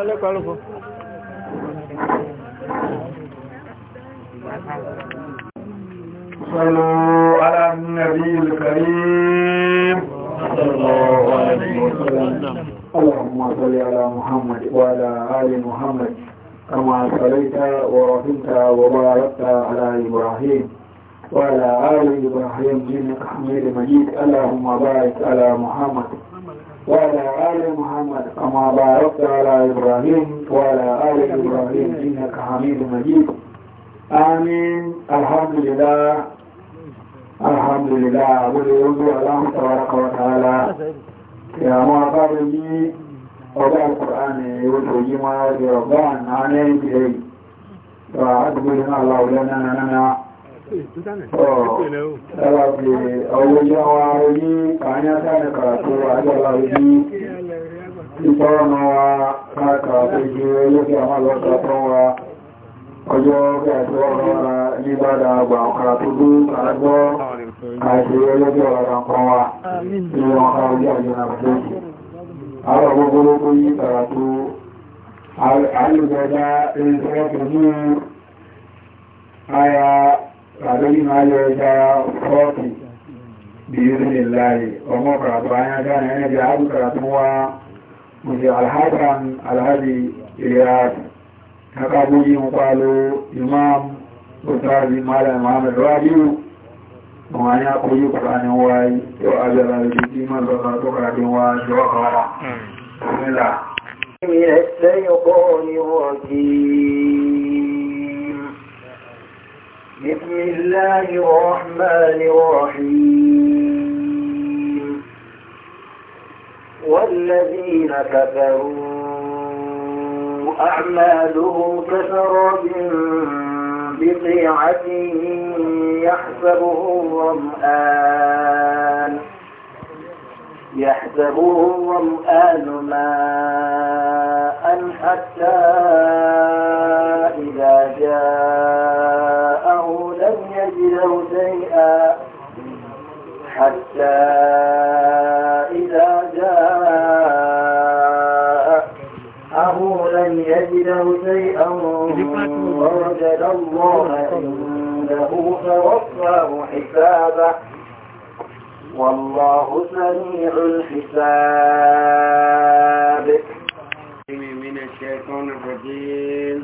ọlẹ́kọ̀ọ́ lóko. صلوا على النبي الكريم صلى الله عليه وسلم اللهم صل على محمد وعلى آل محمد كما صليت ورحمت وباركت على إبراهيم وعلى آل إبراهيم إنك حميد مجيد اللهم بارك على محمد وعلى آل محمد كما باركت على إبراهيم وعلى آل إبراهيم إنك حميد مجيد آمين الحمد لله الحمد لله يوم الله تبارك وتعالى يا معقابي وضع القرآن وتوجيه ما يرضى عن عانيه بإيه وأدبرنا الله لنا ننا نعم. Tọ́lá fi ọwọ́ jẹ́ wa orí kàányátà ní kàràtò àjọ́lá orí ìtọ́rọ̀nà wa kàràtò ju olóògbé àmàlọ́kàtọ́ wa ọjọ́ kàràtò ọ̀rọ̀ nígbàdà àgbà kàràtò bú kàràgbọ́ kàràtò olóògbé ọ̀rọ̀ kan wa ìwọ̀n kàràtò àjọ́ àbúrò. Àwọn gbogbo olóògbé yí kàràtò àlùgbọ́dá ìrìnkọ́ àlórí máa lọ dára ọ́ọ̀kì bí irú ní láàrí ọmọ kàràtọ̀ ayájáni ẹni bí àádù kàràtọ̀ wá mùsí alhassan alhaji riyadu haka bújí ń kwalo imam bukari malam muhammad rabiu wọn ni a kóyí kùránì wáyé tó abẹ́ra lè jí mọ́ lọ́nà tó kàràtí wá بسم الله الرحمن الرحيم والذين كفروا أعمالهم كسراب بقيعة يحسبه الظمآن يحسبه الظمآن ماء حتى إذا جاء حتى إذا جاء أهو لم يجده شيئا ووجد الله عنده توفاه حسابه والله سميع الحساب من الشيطان الرجيم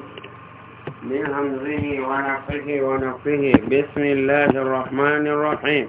من همزه ونفه ونفه بسم الله الرحمن الرحيم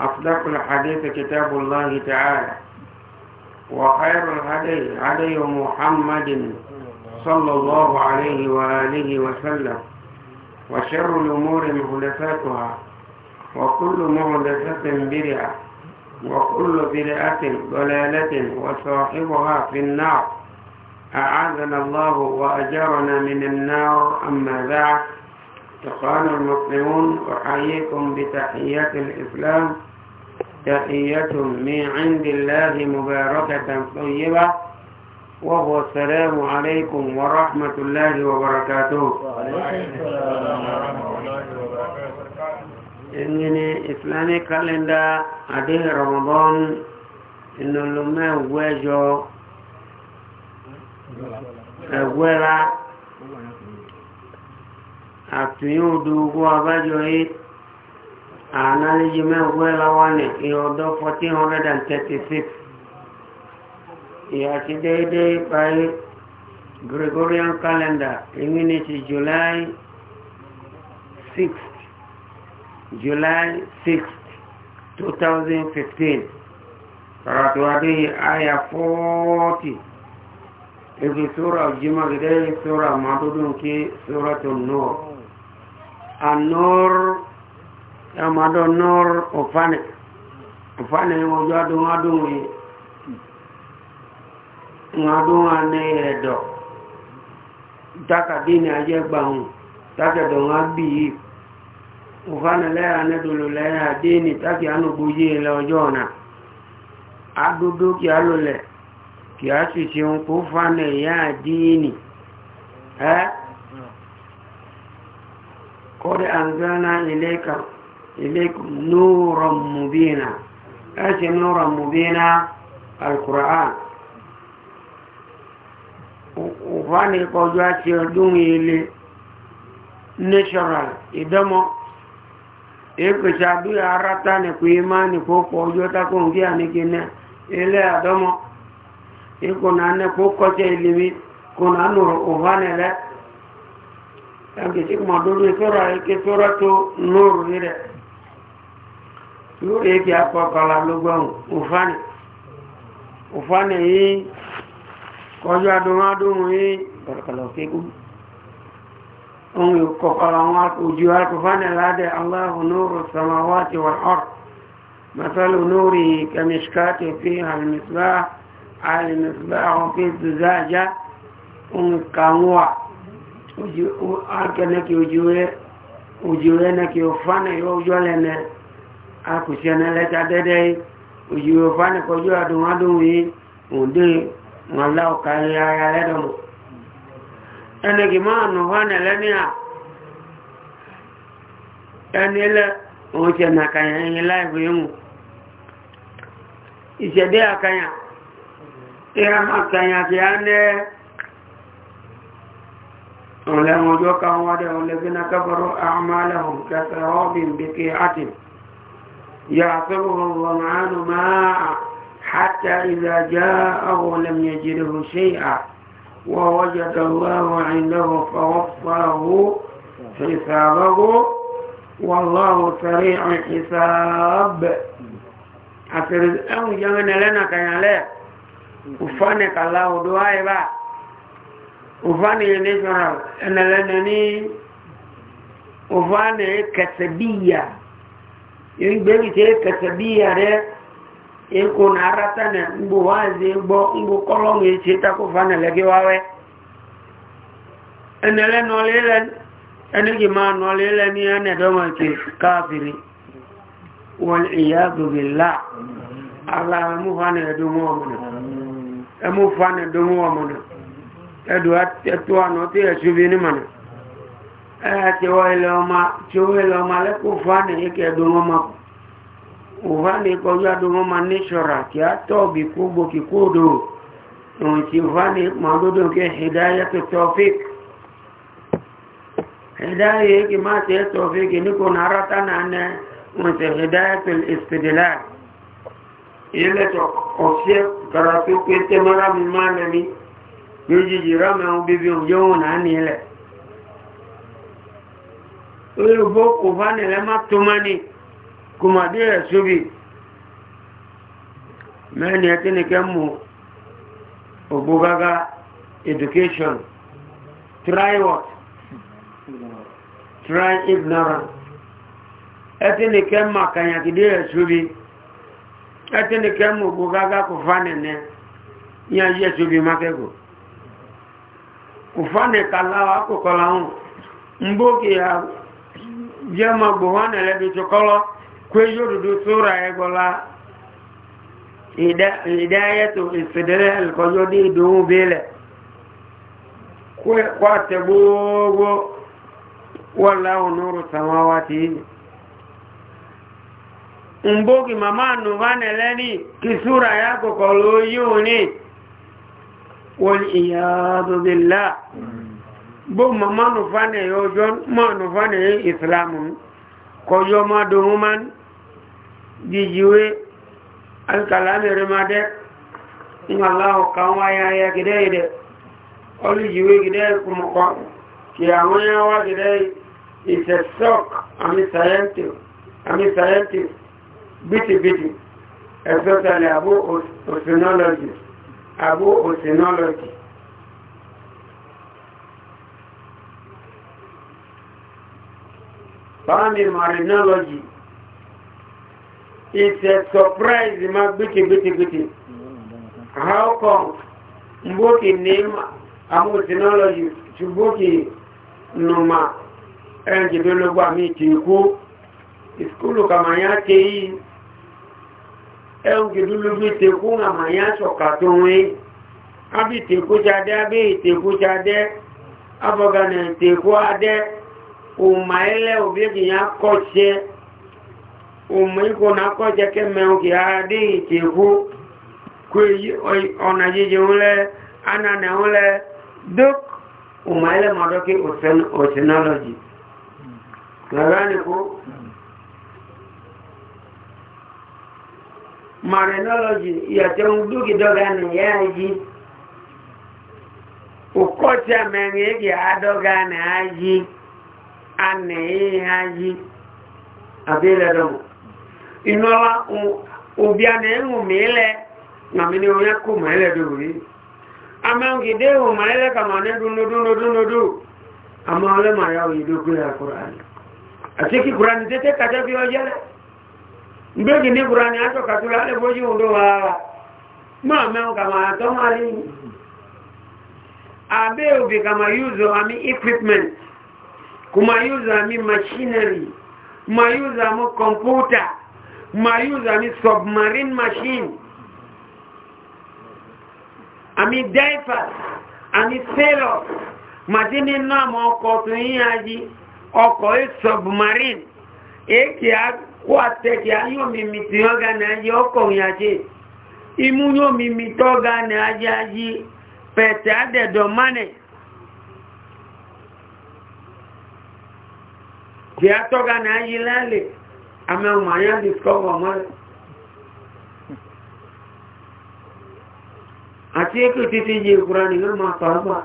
أصدق الحديث كتاب الله تعالى وخير الهدي هدي محمد صلى الله عليه وآله وسلم وشر الأمور مهدفاتها وكل مهدفة برعة وكل برعة ضلالة وصاحبها في النار أعاذنا الله وأجرنا من النار أما بعد تقال المسلمون أحييكم بتحيات الإسلام تحية من عند الله مباركة طيبة وهو السلام عليكم ورحمة الله وبركاته إنني إسلامي كالندا عديه رمضان إنه لما وجو أولا أتيودو وابجو إيه ànáléjì mẹ́wọ́ láwánì ìrọ̀dọ́ 1436 ìyàtí déédé by gregorian calendar ìmínítì july 6th july 6th 2015 ràtúwádé àyà 40 ibi sóra jimá gidẹ́ sóra mọ́dúdún kí sóra tó nù annur amado nor ofane ofane wo jadu ngadu ni ngadu ane edo daka dini aje gbaun daka do ngabi ofane le ane dulu le adini taki anu buye le ojona adudu ki alole ki asu si un ko fane ya adini eh قد أنزلنا إليك إليكم نورا مبينا أتي نورا مبينا القرآن وفاني قوجات يردوني إلي نشرال إدمو ìpèsàdú ara tánì kò yí máa nì kókò ojú tákùn kí à ní kí ní ilé àdọ́mọ́ ìkùnà ní kókò tẹ́ ìlìmí kùnà nù òhánilẹ́ ẹgbẹ̀sí mọ̀dúrú ìtọ́rọ̀ ìkẹtọ́rọ̀ tó nóòrù rẹ̀ lórí èkì akọ́kọ́lá lọ́gbọ́n òfánì òfánì yìí kọjú adúmọ́dúnmù yìí kọ̀lọ̀kọ̀lọ̀ kékú ohun ìkọ̀kọ̀lọ̀ wọn ojú akọ̀fánì ládẹ́ aláhùn nóòrò samáwáti wà ọ̀r masalu nóòrì kẹmíṣkàtì fi alìmìsbá alìmìsbá ọ̀fẹ́ zuzájá ohun kàwọ́ ojú akẹ́nẹ́kì ojú rẹ̀ ojú rẹ̀ nẹ́kì òfánì yóò jọ́lẹ̀ náà akùsẹ̀ náà lẹ́ta dẹ́dẹ́ òyìnbó fánìkọjú àdùnwádùn yìí òde wọn lá ọ̀ka ní ara lẹ́dọ̀mọ̀ ẹnìkì máa nù fánì lẹ́nìyà ẹni lẹ́ òun ṣe nàkàyà ẹ̀yìn láìpẹ́ yìí mú ìṣẹ̀dé àkàyà ìhàmà àkàyà kìí á ní ẹ́ ولم يجوك وده الذين كفروا أعمالهم كسراب بقيعة يعصره الظمآن ماء حتى إذا جاءه لم يجده شيئا ووجد الله عنده فوفاه حسابه والله سريع الحساب أتريد أن يمن لنا كيالي وفانك الله دعائي با وفاني نشرب أن لنا وفاني كسبية yungbeni te katabia re eko narata na mbu wazi mbo mbu kolong yechita kufanya lagi wawe enele nolele enegi ma nolele ni ane doma ki kafiri wal Allah mu fana dumo mana fana tiwele ọma lẹ́kọ̀ọ́ fáànì yíkẹ́ ẹ̀dùnmọ́ ma òfáànì kọjú àdùnmọ́ ma ní ṣọ́ra kí á tọ́ọ̀bì kú gbòkì kóòdò ohun tí fáànì ma dúdú kí ẹ̀dáyẹ tó tọ́fík ẹ̀dáyẹ kí má tẹ́ tọ́fík ní kò ní ara tánà ní ohun tí ẹ̀dáyẹ tó ìsìdìlá ìyẹ́lẹ́tọ̀ ọ̀sẹ̀ kàràfíkú tẹ́mọ́rámi má lẹ́ni yóò jìjì rámẹ́ ilu bo kufa nile ma tumani kuma di ya subi mɛ ni ɛti ni kɛ mu ogbogaga education try what try ignorant ɛti ni kɛ ma kanyaki di ya subi ɛti ni kɛ mu ogbogaga kufa nile nya yi ya subi ma kɛ ko kufa nile kala akokɔ la ŋu mbɔ jẹ́mọ̀ gbòhánà lẹ́dùtù kọ́lọ́ kwé yóòdùdù sóra ẹgbọ́lá e ìdáyẹ́tò ìsìdẹ́rẹ́ ẹ̀lùkọ́jọ́ dé ìdòhun bílẹ̀ kwá tẹ gbogbo wọ́n láwọn nóòrò sàwọn wá ti yìí mbogi mama nuvane leni kisura yako kwa loyuni wal iyadu billah mm -hmm bó mama nufane yóò jọ ma nufane yé isilamu kọjọ ma domu man jijiwe alikalami e ma dẹ ŋalahu kan waya ya gidẹ yi dẹ olu jiwe gidẹ kumọkọ kiyamuya wa gidẹ is a shock ami scientist ami scientist biti biti especially abu osinology abu osinology. Farming marinology. It's a surprise, ma Biti, Biti. How come Mbuki name amotinology, Chubuki Numa, and Jibelogwa Mitiku, Iskulu Kamayake hii, ẹ̀hùn kìdúlú bí tèkú àmàyà sọ̀kà tó wé ábí tèkú jadẹ́ ábí tèkú jadẹ́ abọ̀gànà adẹ́ uma o obiegi ya koche uma iko na koche keme uki hadi ona kwe onajiji ule na ule duk uma ile madoki ocenology lagani ku marinology yate duki dogani yaji ukocha mengegi adogani aji anẹ̀ẹ́yáyí àbílẹ̀dọ̀mù inúọlá òbí anẹ̀ẹ́hù mílẹ̀ nàmí ni wọ́n yá kó mẹ́lẹ̀dọ̀mù rí amẹ́hùnkìdé hù mẹ́lẹ̀ kàmà ní dúnúdúnúdúnúdú àmọ́ ọlẹ́mà yá òyìnbókúrẹ́ àkùránì àti kí kùránì tẹ́tẹ́ kàtẹ́ fi ọjẹ́ kumayuza mi machinery mayuza mu computer mayuza mi submarine machine ami diapers ami sailors madini náà mọ ọkọ̀ tó yí ají ọkọ̀ yí submarine èkì àkó àtẹ̀kì ayọ́mi mi tí wọ́n gánà ají ọkọ̀ yí ají imú yóò mi mi gánà ají ají pẹ̀tẹ̀ àdẹ̀dọ̀ mánẹ̀ tí a tọ́ga ní ayé lálẹ̀ amẹ́wọ̀n àyà discover mọ́rẹ̀ àti èkè títí yẹ ìkúra nìyàn máa pàápà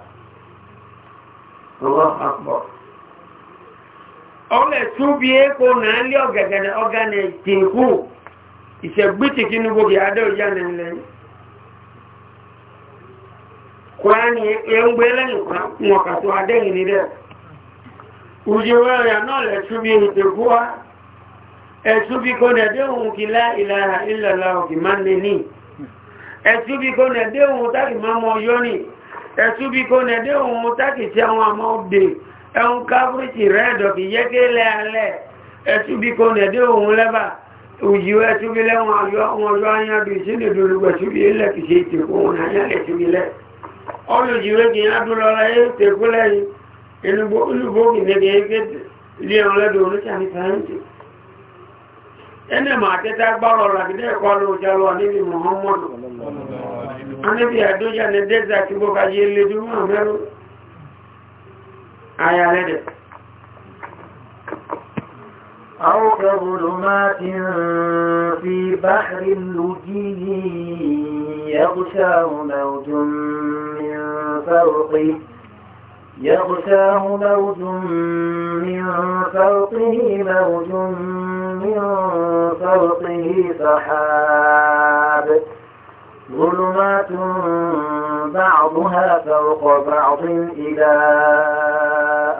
ọwọ́ àpọ̀ ọlẹ̀ tún bí èkó náà lé ọ̀gẹ̀gẹ̀rẹ̀ ọ̀gá ní tìǹkù ìṣẹ̀gbìtì kí ní gbogbo adé òjá ní ilẹ̀ kúrá ní ẹgbẹ́ lẹ́yìn kúrá mọ̀kàtọ̀ adẹ́yìn ní rẹ̀ ujewe ya nole tubi itukua etubi kone deu kila ilaha lao kimane ni etubi kone deu taki mamo yoni etubi kone deu taki chawa maudi ẹun káfírí ti rẹ́ẹ̀dọ̀ kì yẹ́ kí lẹ́ alẹ́ ẹtúbí kò nẹ̀dé òun lẹ́bà òjìwọ́ ẹtúbí lẹ́wọ̀n ọjọ́ ayádù ìsílẹ̀ ìdúrúgbẹ̀ ẹtúbí ilẹ̀ kìí ṣe ìtẹ̀kù òun ayálẹ̀ ìtúbí lẹ́ ọlùjìwé kìí olùgbòógì níbi ẹgbẹ́ ilé ẹran lẹ́dọ̀ oníṣàmì sáyẹ́ǹtì ẹni màá tẹ́tà gbọ́rọ̀ làgídẹ́ ẹ̀kọ́ lóòjá lọ níbi muhammadu anábì àdójá ní dẹ́sà tí bó bá yé lé dúró àmẹ́rú ayà lẹ́dẹ̀ أو كظلمات في بحر لجي يغشى موج من فوقه يغشاه موج من فوقه موج من فوقه سحاب ظلمات بعضها فوق بعض إذا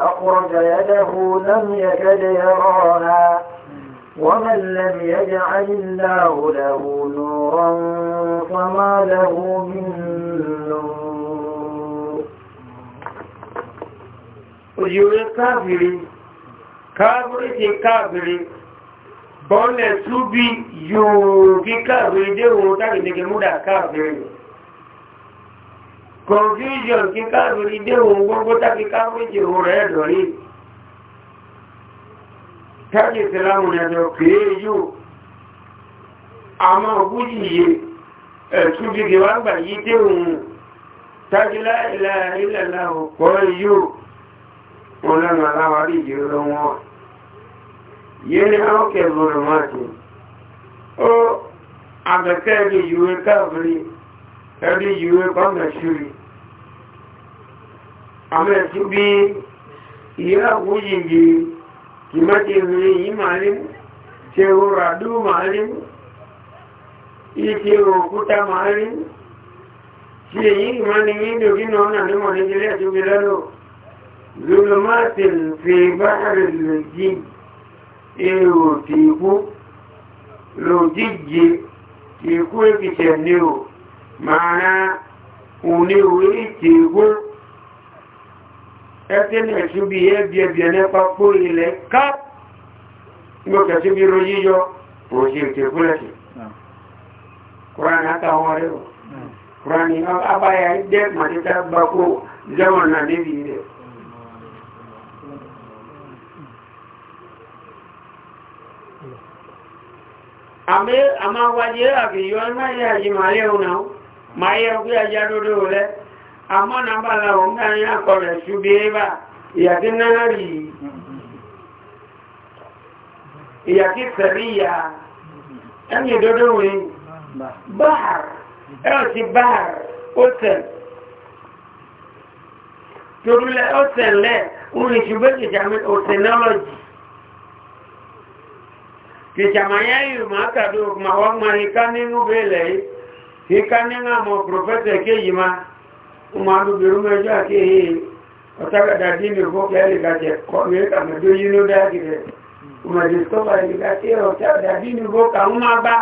أخرج يده لم يكد يراها ومن لم يجعل الله له نورا فما له من نور òyìnbó káàbìrì káàbìrì ti káàbìrì bọ́ọ̀lẹ̀ túbí yóò kí káàbìrì déhùn tàbílẹ̀kẹ́ múdà káàbìrì confusion kí káàbìrì déhùn gbogbo tàbí káàbìrì ti hù rẹ̀ dọ̀rí tàbí ìsìlámù ẹ̀dọ̀ kìí yóò àmọ́ ògújì yìí ẹ̀túbí kí wá gbà yí déhùn tàbí láìláìlẹ̀ láhùn kọ́ yóò wọn lẹ́nu aláwárí ìdíwọ́ wọn yìí ni àwọn kẹfùrù mọ́tò ó àgbẹ̀kẹ́ ẹbí ìwé káàbìrì ẹbí ìwé kọ́mẹ̀ṣúrì àmẹ́sù bí ìyá àwúyìngì kì mẹ́tì ìrìn yìí máa rí ṣe òrà dúró máa rí mú ìṣe òkúta máa rí ṣe èyí ìmọ́ni yìí ní mọ̀ àti ظلمات في بحر الجي ايو تيكو لو جيجي تيكو يكتنيو معنى ونيو تيكو ẹtẹ́lẹ̀ ṣúbí ẹbí ẹbí ẹnẹ́pá pó ilẹ̀ ká gbọ́kẹ̀ tí bí rojí yọ òṣì ìtẹ̀kúnlẹ̀ṣì kúránì àtàwọn rẹ̀ kúránì abáyà ìdẹ́ màtíkà gbákó jẹ́wọ̀n náà níbi rẹ̀ àmì àmáwájé àgbìyọ náà yí màálé òun náà máa yẹ ọgbé ajá dúdú rẹ̀ àmọ́ na bá láwọn dáyé àkọ rẹ̀ ṣubí ẹbà ìyàkí náà rí ìyàkí tẹ̀rí ìyà ẹni dúdú rẹ̀ báhàr ẹ̀rọ ti báhàr ó tẹ̀ torúlẹ̀ ó tẹ̀lẹ̀ orin ṣubé kìjàmí kìjàmáyá yìí máa tàbí òkùnmá wọ́n máa hìká nínú bèèlẹ̀ yìí hìká nínú àmọ́ pòfẹ́sẹ̀ kéyì má ọmọ alúgbèrú mẹ́jọ àti èyí ọ̀tàgàdà dínì fókè ẹ̀lẹ́gàjẹ̀ kọ́ ní kàmẹ́dó yìí ló dágìrẹ̀ ọmọ ìdíkọ́fà ẹ̀lẹ́gàjẹ̀ ọ̀tàgàdà dínì fókè àwọn máa bá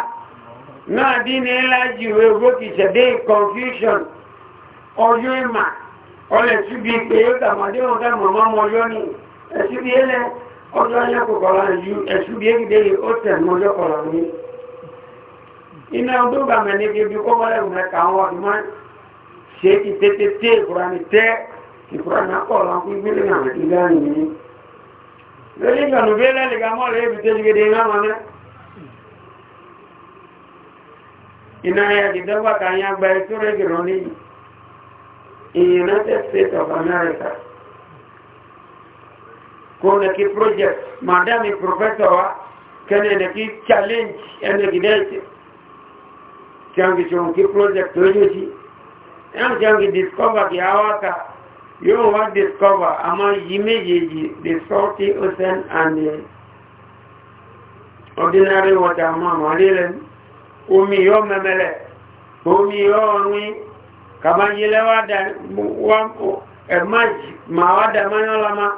náà dínì ńlá jù ewó kìsẹ̀dé confusion ọjọ́ ìmà ọlẹ̀ síbi pé ọjọ́ ayákòkọ̀lá ẹ̀ṣù bí égidé ó tẹ̀ mọ́jọ́ kọ̀lọ̀ ní iná ọdún bá mẹ́ níbi ibi kọ́ mọ́lẹ̀ mẹ́ka ṣe kí tètè tẹ́ ìkura ní tẹ́ ìkura na akọ̀lọ̀ fún ìpínlẹ̀ náà ìlú ga state of America kuna ki project madami e professor wa kene ne ki challenge ene ki dete changi chon ki project ojo chi en changi discover ki awaka yo wa discover ama yimejeji the salty ocean and the ordinary water ma malile omi yo memele omi yo nwi kama yile wa da wa emerge ma wa da manolama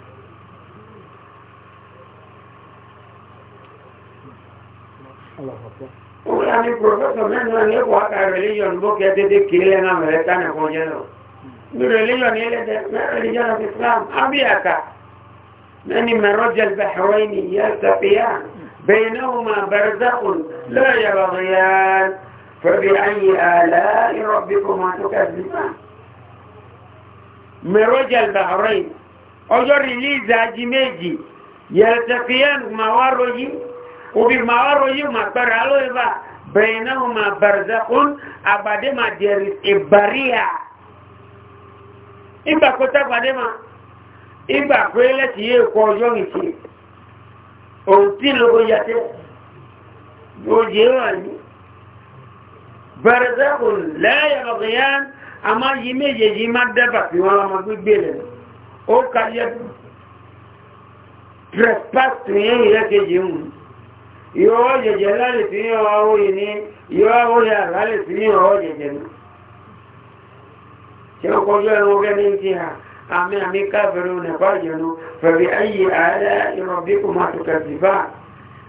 Òwe àti pòfẹ́sọ̀ mẹ́rin náà ní ẹ̀kọ́ àkà rẹ̀líyọ̀n bó kẹ́ dédé kìí lẹ́nà mẹ́rẹ̀ tánà kan jẹ́ lọ. Bí rẹ̀líyọ̀n ní ẹlẹ́dẹ̀ mẹ́rẹ̀líyọ̀n of Islam, Abíyàkà, mẹ́ni mẹ́rọ́jẹ̀ bẹ̀rẹ̀ ní yẹ́ sàfíyà, bẹ̀yẹ̀ náà máa bẹ̀rẹ̀ dákùn lọ́yẹ̀ rọ̀rìyà fẹ́bi ayé àlá وبمعار يما برالو يبا بينهما برزخ أبدما دير إبريا إبا كتا بدما إبا كويلة تيه كوجون إتي أوتي لغو ياتي يوجيواني برزخ لا يبغيان أما يميجي ما دبا في ولا ما بيبيلن أو كاليات trespass to yẹn yẹn kejì ń yóò jẹjẹ lálẹ́ tí yóò wáwó yìí ní yóò wáwó yà lálẹ́ tí yóò wáwó jẹjẹ ní tí ó kọjú ẹ̀rọ gẹ́ni ti hà àmì àmì káfẹ́rẹ́ nípa ìjẹnu fẹ̀rẹ̀ ayé ààrẹ ìrọ̀bí kò máa tùkẹ̀ sí bá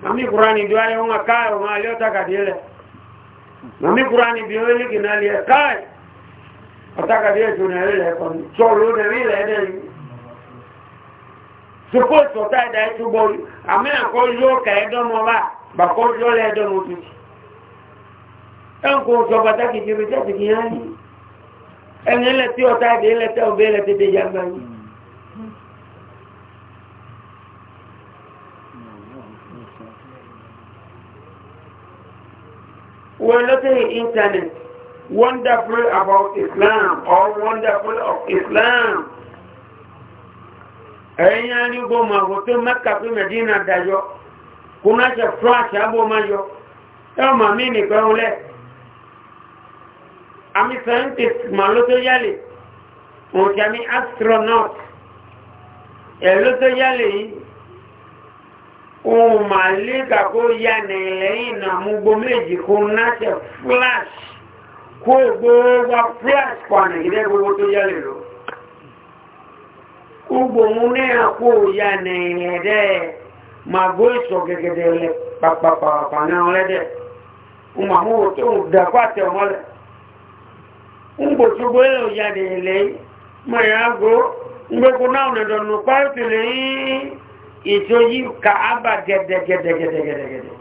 àmì kúrá ní bí wáyé wọn káàrọ̀ máa lé ọ̀tàkàdé rẹ̀ àmì kúrá bí wọ́n lé kìnnà lé káàrọ̀ ọ̀tàkàdé ètò nàìjíríà ẹ̀kọ́ suppose ọ̀tá ẹ̀dá ẹ̀tú bọ́ọ̀lù àmì ẹ̀kọ́ yóò kà ẹ̀dọ́mọ bá bàkọ́ yóò lẹ́ ẹ̀dọ́mọ tó ti ẹ̀kọ́ sọ pàtàkì ti rí tẹ́sì kì í hàn yìí ẹ̀yìn ẹlẹ́tí ọ̀tá ẹ̀dá ẹlẹ́tí ọ̀bẹ ẹlẹ́tí dé yàgbá yìí. We're looking at the internet, wonderful about Islam or wonderful of Islam ẹ̀yìn arúgbó màgò tó mẹ́ka pé mẹ́dínà dájọ́ kó náà ṣe france abọ́májọ́ ẹ̀rọ màmí nìkan lẹ̀ àmì scientist màló tó yálè òkè àmì astronaut ẹ̀ ló tó yálè yìí ohun màálíkà kó yá ní lẹ́yìn náà mú gbó méjì kó náà ṣe flash kó gbogbo flash pọ̀ nìyí lẹ́gbogbo tó yálè lọ́wọ́. ugbo nwune ya kwuru ya na-enyere ma gbó ìṣọ̀ gẹ̀gẹ̀dẹ̀ lẹ pàpàpàpà náà lẹ́dẹ̀ ọmọ àwọn òtò dàkọ́ àtẹ̀wọ́lẹ̀ ń gbò tó gbé ya gbó ń gbégbó náà nìdọ̀nù pàtó lè ìṣó yí kàába gẹ̀dẹ̀gẹ̀dẹ̀gẹ̀dẹ̀gẹ̀dẹ̀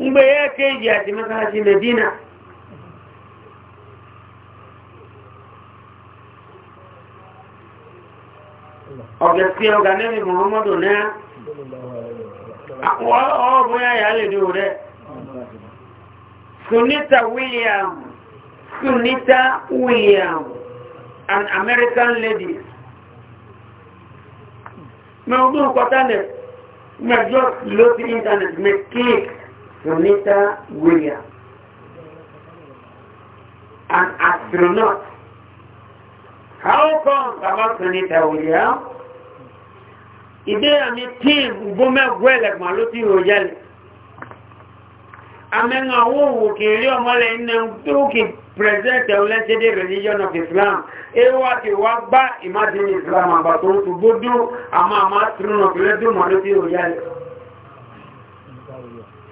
ẹ̀tẹ̀ eji ọ̀gẹ̀sí ọ̀gá nẹ́bí muhammadu náà ọ̀bọ̀yá yà lè dúró rẹ̀ sunita william sunita william an american lady mẹ ọdún kọta nẹ mẹjọ ló ti internet mẹ click sunita william an astronaut how come about sunita william ìdé àmì tí ìgbò mẹ́gbọ́ ẹ̀lẹ̀gbà ló ti rò jẹ́lẹ̀ àmẹ́nà owó òwò kìí ọmọlẹ̀ iná tó kì pẹ̀sẹ̀tẹ̀ olẹ́sẹ̀dẹ̀ religion of islam ewa ti wá gbá imagine islam àgbà tó tó gbójú àmọ́ àmá tún ọ̀pẹ̀lẹ́ ló ti rò jẹ́lẹ̀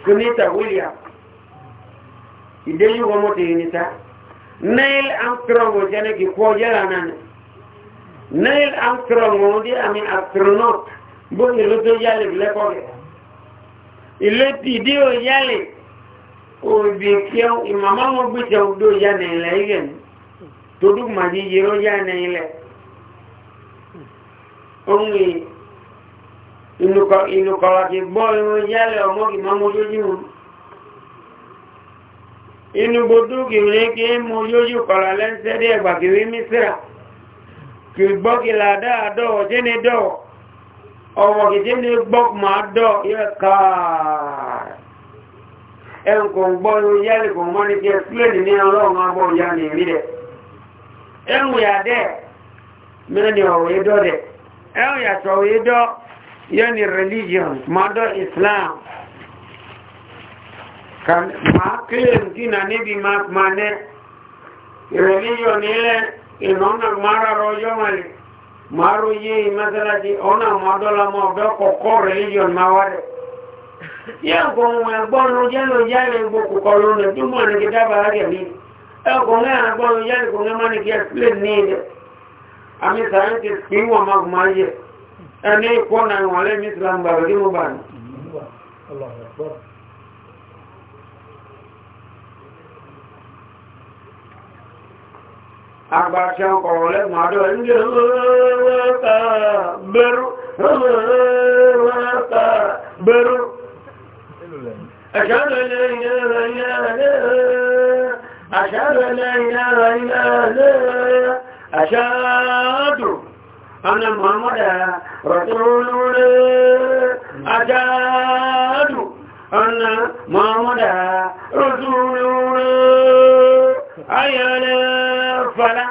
sunita william ìdé yìí wọ́n mọ̀ ti yìí níta neil armstrong ò jẹ́ ní kíkọ́ yẹ́lá náà neil armstrong ò dé àmì astronaut gbóni ló tó yálè lẹ́kọ́ rẹ̀ ilé tìdí ò yálè òbí kí ìmàmá wọn gbèsè òdó yá ní ilẹ̀ yẹn tó dùn mà ní yẹrọ yá ní ilẹ̀ ohun ìnùkọ̀wà ti gbọ́ irun yálè ọmọ ìmàmá ojójú wọn inú gbogbo kìrìlẹ̀ kí mú yóyú kọ̀lá lẹ́ńsẹ́dẹ́ ẹgbà kìrì mísírà kìrìgbọ́ kìlà dáadọ́ ọ̀jẹ́ni dọ́ọ̀ ọwọ́ gidi ní gbọ́ máa dọ̀ yẹ káà ẹnkọ̀ gbọ́ yẹ́lì kò mọ́ ní kí ẹ̀sùlẹ̀lì ní ọlọ́run agbọ́ ìyá ní ìrí rẹ̀ ẹ̀hùn yà dẹ́ mẹ́ni ọ̀wọ̀ yẹ́dọ́ religion máa dọ̀ islam máa kílèm kí na níbi máa nẹ́ religion ilẹ̀ ìnáwó mara rọjọ́ maro ye masalati ona madola ma be ko ko religion ma ware ya ko mo agbon no je no ya le gbo ko ko lo ne du mo ne kita ba age ni e ko na agbon ya le ko ma ne ki explain ni de ami scientist ki wa ma ma ye ene ko na wale mi islam ba ri mo ban Allah akbar agbàṣẹ ọkọ̀ lẹ́gbọ̀n àdọ́ ẹ̀ndẹ̀ wọ́ta bẹ̀rù wọ́ta bẹ̀rù aṣáàdù ọ̀nà mọ̀mọ́dà rọ̀tọ́lúrí aṣáàdù ọ̀nà mọ̀mọ́dà rọ̀tọ́lúrí ayẹ́lẹ́ fọ́lá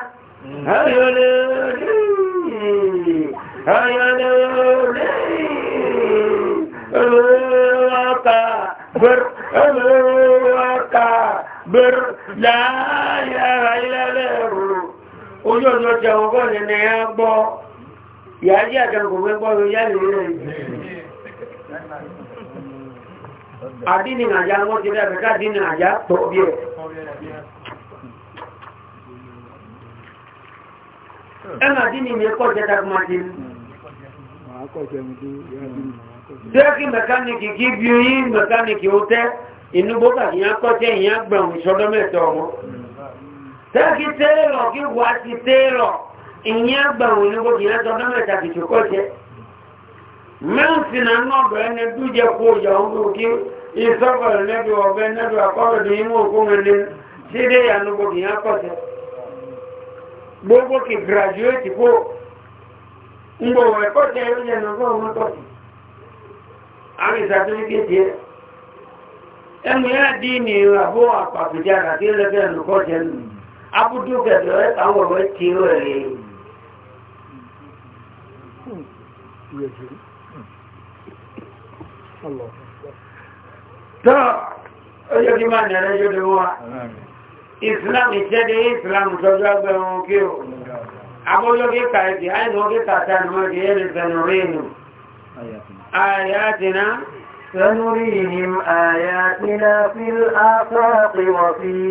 Ojú ọjọ́ jẹ ọgọ́ ni ni a gbọ́, ìyá jẹ́ àjẹ́kò mẹ́gbọ́ ló yá lè rẹ̀. Àdínì àjá wọ́n ti rẹ̀ bẹ̀ká dínì àjá tó bí ẹ̀. ẹ̀mà dí ni mi kọ́ jẹ́ dagmadi dẹ́kì mẹkáníkì kí bí i mẹkáníkì ó tẹ́ inú bókà kí yá kọ́ tẹ́ ìyá gbẹ̀rún ìṣọ́dọ́ mẹ́tọ̀ ọmọ dẹ́kì tẹ́rọ kí wà ti tẹ́rọ ìyá gbẹ̀rún inú bókà yá sọ́dọ́ mẹ́ta kì tó kọ́ jẹ́ mẹ́ǹsì náà náà bẹ̀rẹ̀ ní dújẹ kó yà ó gbò ìsọ́gbọ̀rẹ̀ nẹ́bí ọ̀bẹ nẹ́bí àkọ́rẹ̀ ní ìmú òkú gbogbo kì graduate kó ngbò ẹ̀kọ́ tẹ ẹ̀rọ yẹn lọ fún ọmọ tọ́sí àmì certificate yẹ ẹnu yẹn dí ní àbó àpàpìjà àti ẹlẹgbẹ́ ẹnukọ́ jẹ nù abudu kẹsẹ̀ ẹ̀ káwọn ọ̀rọ̀ ti rẹ̀ tọ́ ọjọ́ kí máa nẹ̀rẹ́ yóò dé wá. اسلام اسلام ইসলাম সজাগ কেউ আবলকে কাজে আয় ধোকে তাতা নমা গিয়ে রেজান রেনু آياتنا سنريهم آياتنا في الآفاق وفي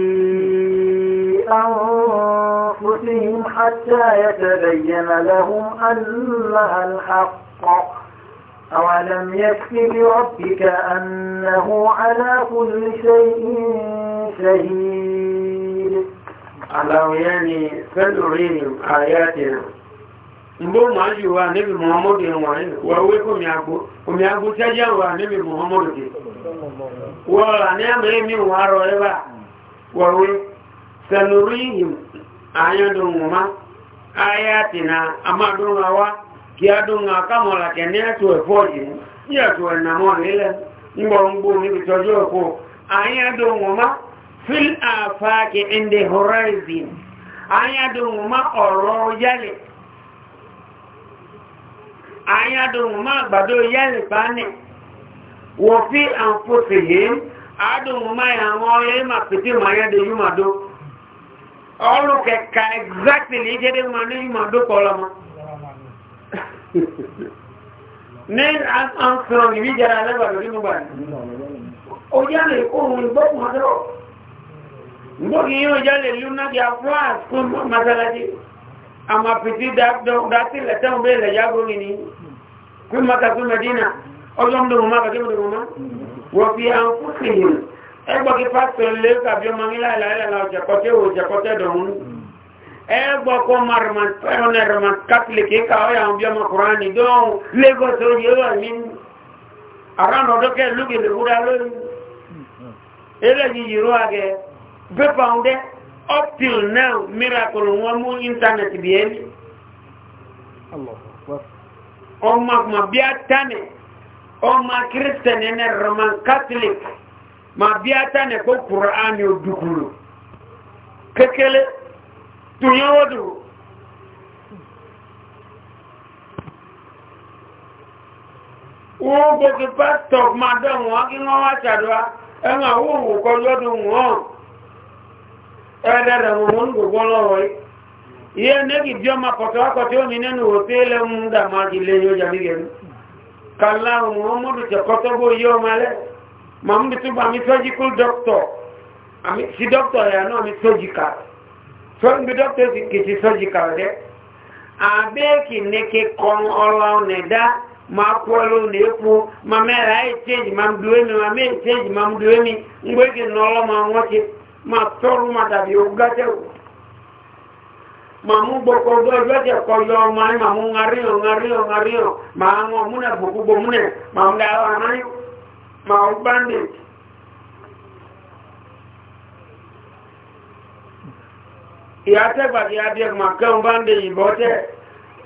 أنفسهم حتى يتبين لهم أنها الحق أولم يكفي بربك أنه على كل شيء شهيد alawiani sanurihim ayatina mbo maju wa nabi muhammad wa nabi muhammad ki wala ne amre mi waro eba wawe sanurihim ayadu muma ayatina amadu ngawa kiadu ngakamola kene tu efoji ya tu enamon ile mbo mbo ni ọkụ anya dị fil afaki in the horizon ayadun ma ọ̀rọ̀ anya ayadun ma gbado yẹ́lẹ̀ báni wò fí àǹfòsì yìí adùn ma àwọn ma pìtì ma yẹ́dẹ̀ yúmàdó ọrụ kẹka exactly ma ní yúmàdó kọlọmọ ní àǹfòsì yìí jẹ́ra lẹ́gbàdo nínú ìgbọ́kùn mbọ́kì yóò jálè lúnà kí a fún Ama piti àmà pìtì dati lẹ́tẹ̀wọ̀n bẹ́ẹ̀ lẹ́yà gbóni ni kí maka kí medina ọjọ́ mdòmù má kàkí mdòmù má wọ́n fi hàn fún sìyìn ẹgbọ́kì pásítọ̀ lé kàbí ọmọ nílá ìlàlẹ́lá ọ̀jẹ̀kọ́tẹ́ òjẹ̀kọ́tẹ́ dọ̀hún ẹgbọ́kọ́ marman catholic ká ọ̀yà ọ̀bí ọmọ kùránì dọ́hún lagos oyè wà ní àránà ọ̀dọ́kẹ́ lókè lè gbẹ́pàá dẹ́ up till now miracle wọn mú internet bí On ọmọ akùnmọ̀ bí a On ọmọ christian ene roman catholic ma bí a tánẹ̀ kó kùrọ̀ àmì òdùkúrò kékeré tùyánwọ́dù wọ́n gbogbo pastor ma dán wọn kí wọ́n wá ṣàdọ́wà ẹ̀wọ̀n àwọn òwò kan lọ́dún wọn ẹ̀ẹ́dẹ̀rẹ̀ wọn gbogbo lọ́rọ̀ yìí ẹ̀ẹ́nẹ́gì bí ọmọ pọ̀tọ̀ akọ̀tí omi nínú òtẹ́lẹ̀ ń dàmà ilé yóò jàmí gẹ̀rú kàlá wọn mọ́dù tẹ̀kọ́tọ́gbò yí ọmọ alẹ́ mamudu tó bá mi surgical doctor sí doctor yà change emi ma tọrọ ma dàbí ogajẹ́ o ma mú gbogbo ọgbọ́ ọjọ́jẹ́ kọ yọ ọmọ ayé ma mú ńaríyàn ńaríyàn ńaríyàn ma ń wọ múnẹ̀ gbogbo múnẹ̀ ma ń da ọ anáyé ma ó gbáǹdè ìyá tẹ́gbàdì adìẹ ma kẹ́hùn gbáǹdè yìnbọn tẹ́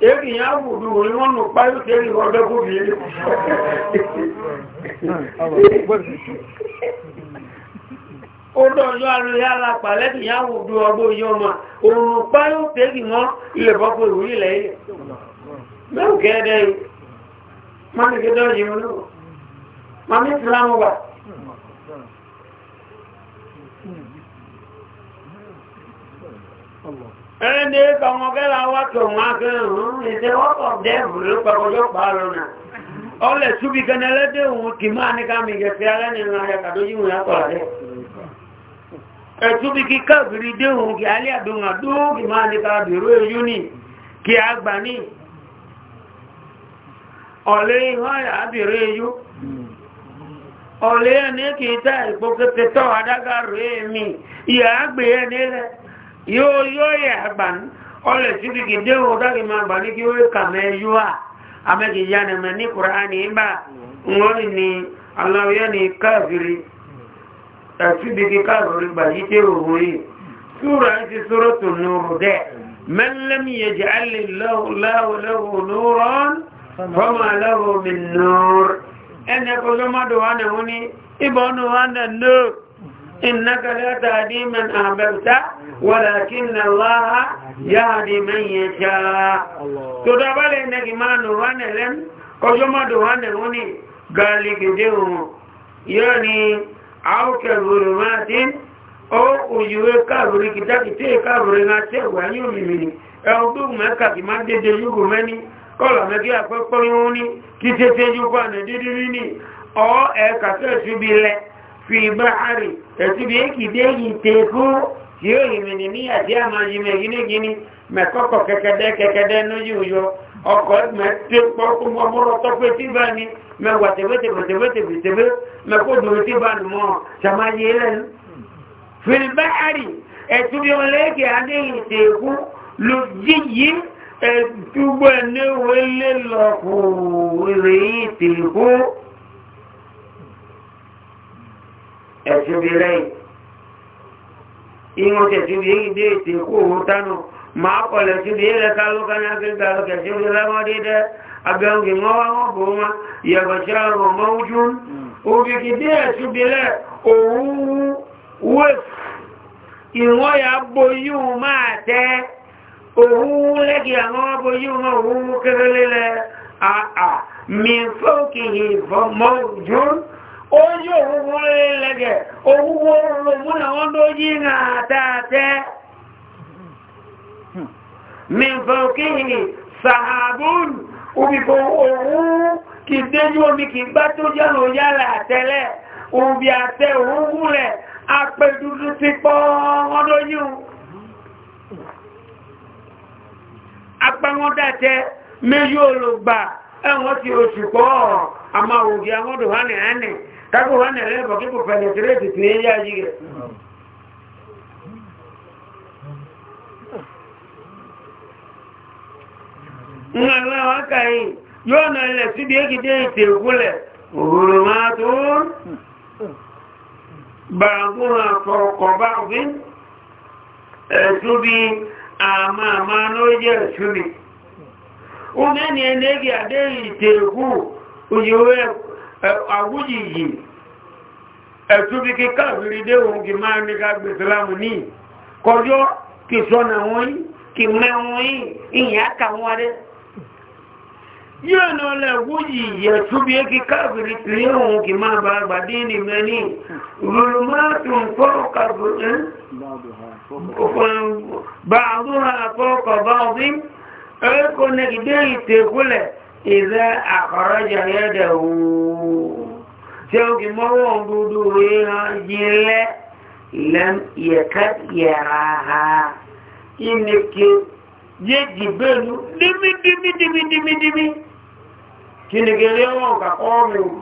èkì yà wùdú orí wọn nù páyò tẹ́rì ọdọ́gbò bìí odò ọjọ́ arìnrìn alápàá lẹ́bìn yá wò dú ọgbó yọ ma òun pa yóò tẹ́gì mọ́ ilẹ̀ bọ́pọ̀ ìwú ilẹ̀ ilẹ̀ mẹ́rù kẹ́ẹ̀dẹ́ yìí mami kẹ́ẹ̀dẹ́ yìí wọn lọ mami ìsìlámù wà. ẹni kan wọn kẹ́lá wá tó máa kẹ́lá ọ̀hún ìṣe wọ́n kọ̀ dẹ́ẹ̀bù ló pàkójọ́ pa lọ nà ẹ̀túbí kí káàkiri déhùn kí alẹ́ àdúnwà dúnkì máa ní ká bèrò èyú ní kí a gbà ní ọ̀lẹ́ ìhọ́yà bèrò èyú ọ̀lẹ́ ẹni kì í tá ìpókété tọ́ adága rẹ̀ mi ìyà àgbè ẹni rẹ̀ yóò yóò yẹ àgbà ní ọlẹ̀ túbí kí déhùn dákì máa gbà ní kí ó kà mẹ́ yú à amẹ́kì أسيدك كارو البهيك الروي سورة سورة النور ده من لم يجعل الله, الله له نورا فما له من نور أنك لما دوانا هني إبانو هانا النور إنك لا تهدي من أحببت ولكن الله يهدي من يشاء تدبل إنك ما نوانا لن كما دوانا هني قال لك ديهم يعني au kadhulumatin au ujiwe kaburi kitakite kaburi na chewa nyumimini au e duma kakima dede yugumeni kola meki akwepo yuni kitete yukwane didirini o e kakesu bile fi bahari esibi ekidegi teku yóò yìí mìíràn ní àti àmàjì mẹ́gínégíní mẹ́kọ́kọ̀ kẹ́kẹ́dẹ́ kẹ́kẹ́dẹ́ lójú yóò ọkọ̀ mẹ́ tí ó pọ́ kó mọ́ mọ́rọ̀ tọ́pẹ́ tí bá ní mẹ́wà tẹ́fẹ́tẹ́fẹ́tẹ́fẹ́ mẹ́kó dùn tí bá ní mọ́ ṣàmáyé lẹ́nu fìlbáàrí ẹ̀túnbí ọlẹ́gẹ̀ adéyìntẹ̀kú ló jíyí ẹ̀túgbọ́ ẹ̀nẹ́wẹ́lẹ́ lọ́kùnrin máa kọ̀lẹ̀ sí bí ilẹ̀ kálùkà ní afirka lókè sí orílẹ̀-èdè dẹ́ abẹ́hùnkì mọ́wá wọ́n bò ma yẹ̀bọ̀ṣẹ́ ọ̀rọ̀ mọ́wújú òkìkì dé ẹ̀ṣùbílẹ̀ òwúwú ìwọ́n ya boyú máa tẹ́ òwúwú lẹ́kì a a máa òwúwú kéré lẹ́ àà mìfọ́kì mọ́wújú ó yóò òwúwú lẹ́gẹ̀ òwúwú rọ̀múnà wọ́n ló yí min fawqihi sahabun ubi ko owu ki deju omi ki gba to jalo yala atele ubi ate owu le ape dudu ti po odoyun apa won date me yo lo gba ewon ti osu po ama ogi awon do hane hane kago hane le bo ki ko penetrate ti ńlá láwọn akàyìn yóò nà ilẹ̀ síbi èkìdé ìtẹ̀kúlẹ̀ òhòrò máa tó bàbúrò àkọ̀ọ̀kọ̀ bá òfin ẹ̀túbi àmà àmà ló jẹ́ ẹ̀túbi ó mẹ́ni ẹnẹ́gì adé ìtẹ̀kú òyìnwó àwújìyì ẹ̀túbi kí káàbìrìdé òun kì máa ní yíò ní ọlẹ̀ wúyì yẹ̀tú bí é kí káàkiri kìí ohun kì máa bá àgbàdí ní mẹ́ni rùlùmáàtù fọ́ọ̀kà bàbúrà fọ́ọ̀kà báwọ́bí ẹ́kọ́ nẹ́gidé ìtẹ́kúlẹ̀ ìzẹ́ àkọ́rọ́jà yẹ́dẹ̀ ooo tí ó kì mọ́wọ́ dúdú rí hàn jílẹ̀ lẹ́m yẹ̀kẹ́ yẹ̀rà kinigele wọn kakọ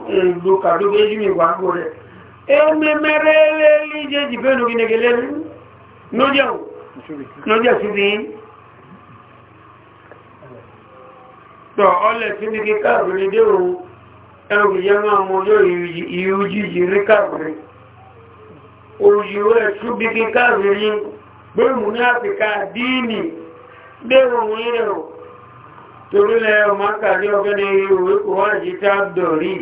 eh, lu kaduge yimi wa gore ememere lije jibenu kinigele nu noja noja sibi to ole sibi ki kabri de o ewu yanga mojo yuji jiri kabri ojiwe subi ki kabri gbe dini de wọn torílẹ̀ ọmọ àkàdé ọgẹ́dẹ̀ ìwé kò wáyé tá dọ̀rí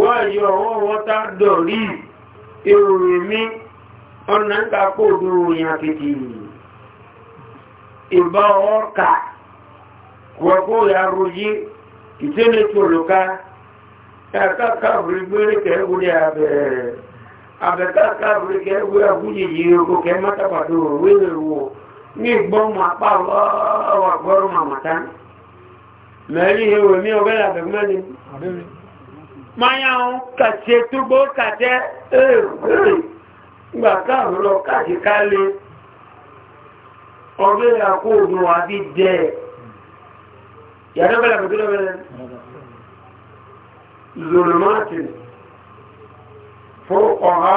wáyé ọwọ́ wọ́n tá dọ̀rí ìròyìn mi ọ̀nà ń ka kó odò òyìn àkìkì ìbá ọwọ́ kà wọ́kó ya rojí ìtẹ́lẹ̀ tòlùká ẹ̀ka káàbùrí gbére kẹ́ẹ̀gbúrẹ́ abẹ́ẹ̀rẹ̀ abẹ́ká káàbùrí kẹ́ẹ̀gbúrẹ́ agúnyìí ní gbọ́mù apá ma gbọ́rù màmàtá mẹ́rin ewé mi ọ̀rẹ́ àbẹ̀mẹ́lẹ̀ máyà ń kàtẹ́ túgbó kàtẹ́ ẹ̀rẹ́ ìgbà káàrùn lọ káàkì kálẹ̀ ọdún bí jẹ́ yàtọ̀ bẹ́lẹ̀ pẹ̀lú bẹ́lẹ̀ zolomatin fụ ọha.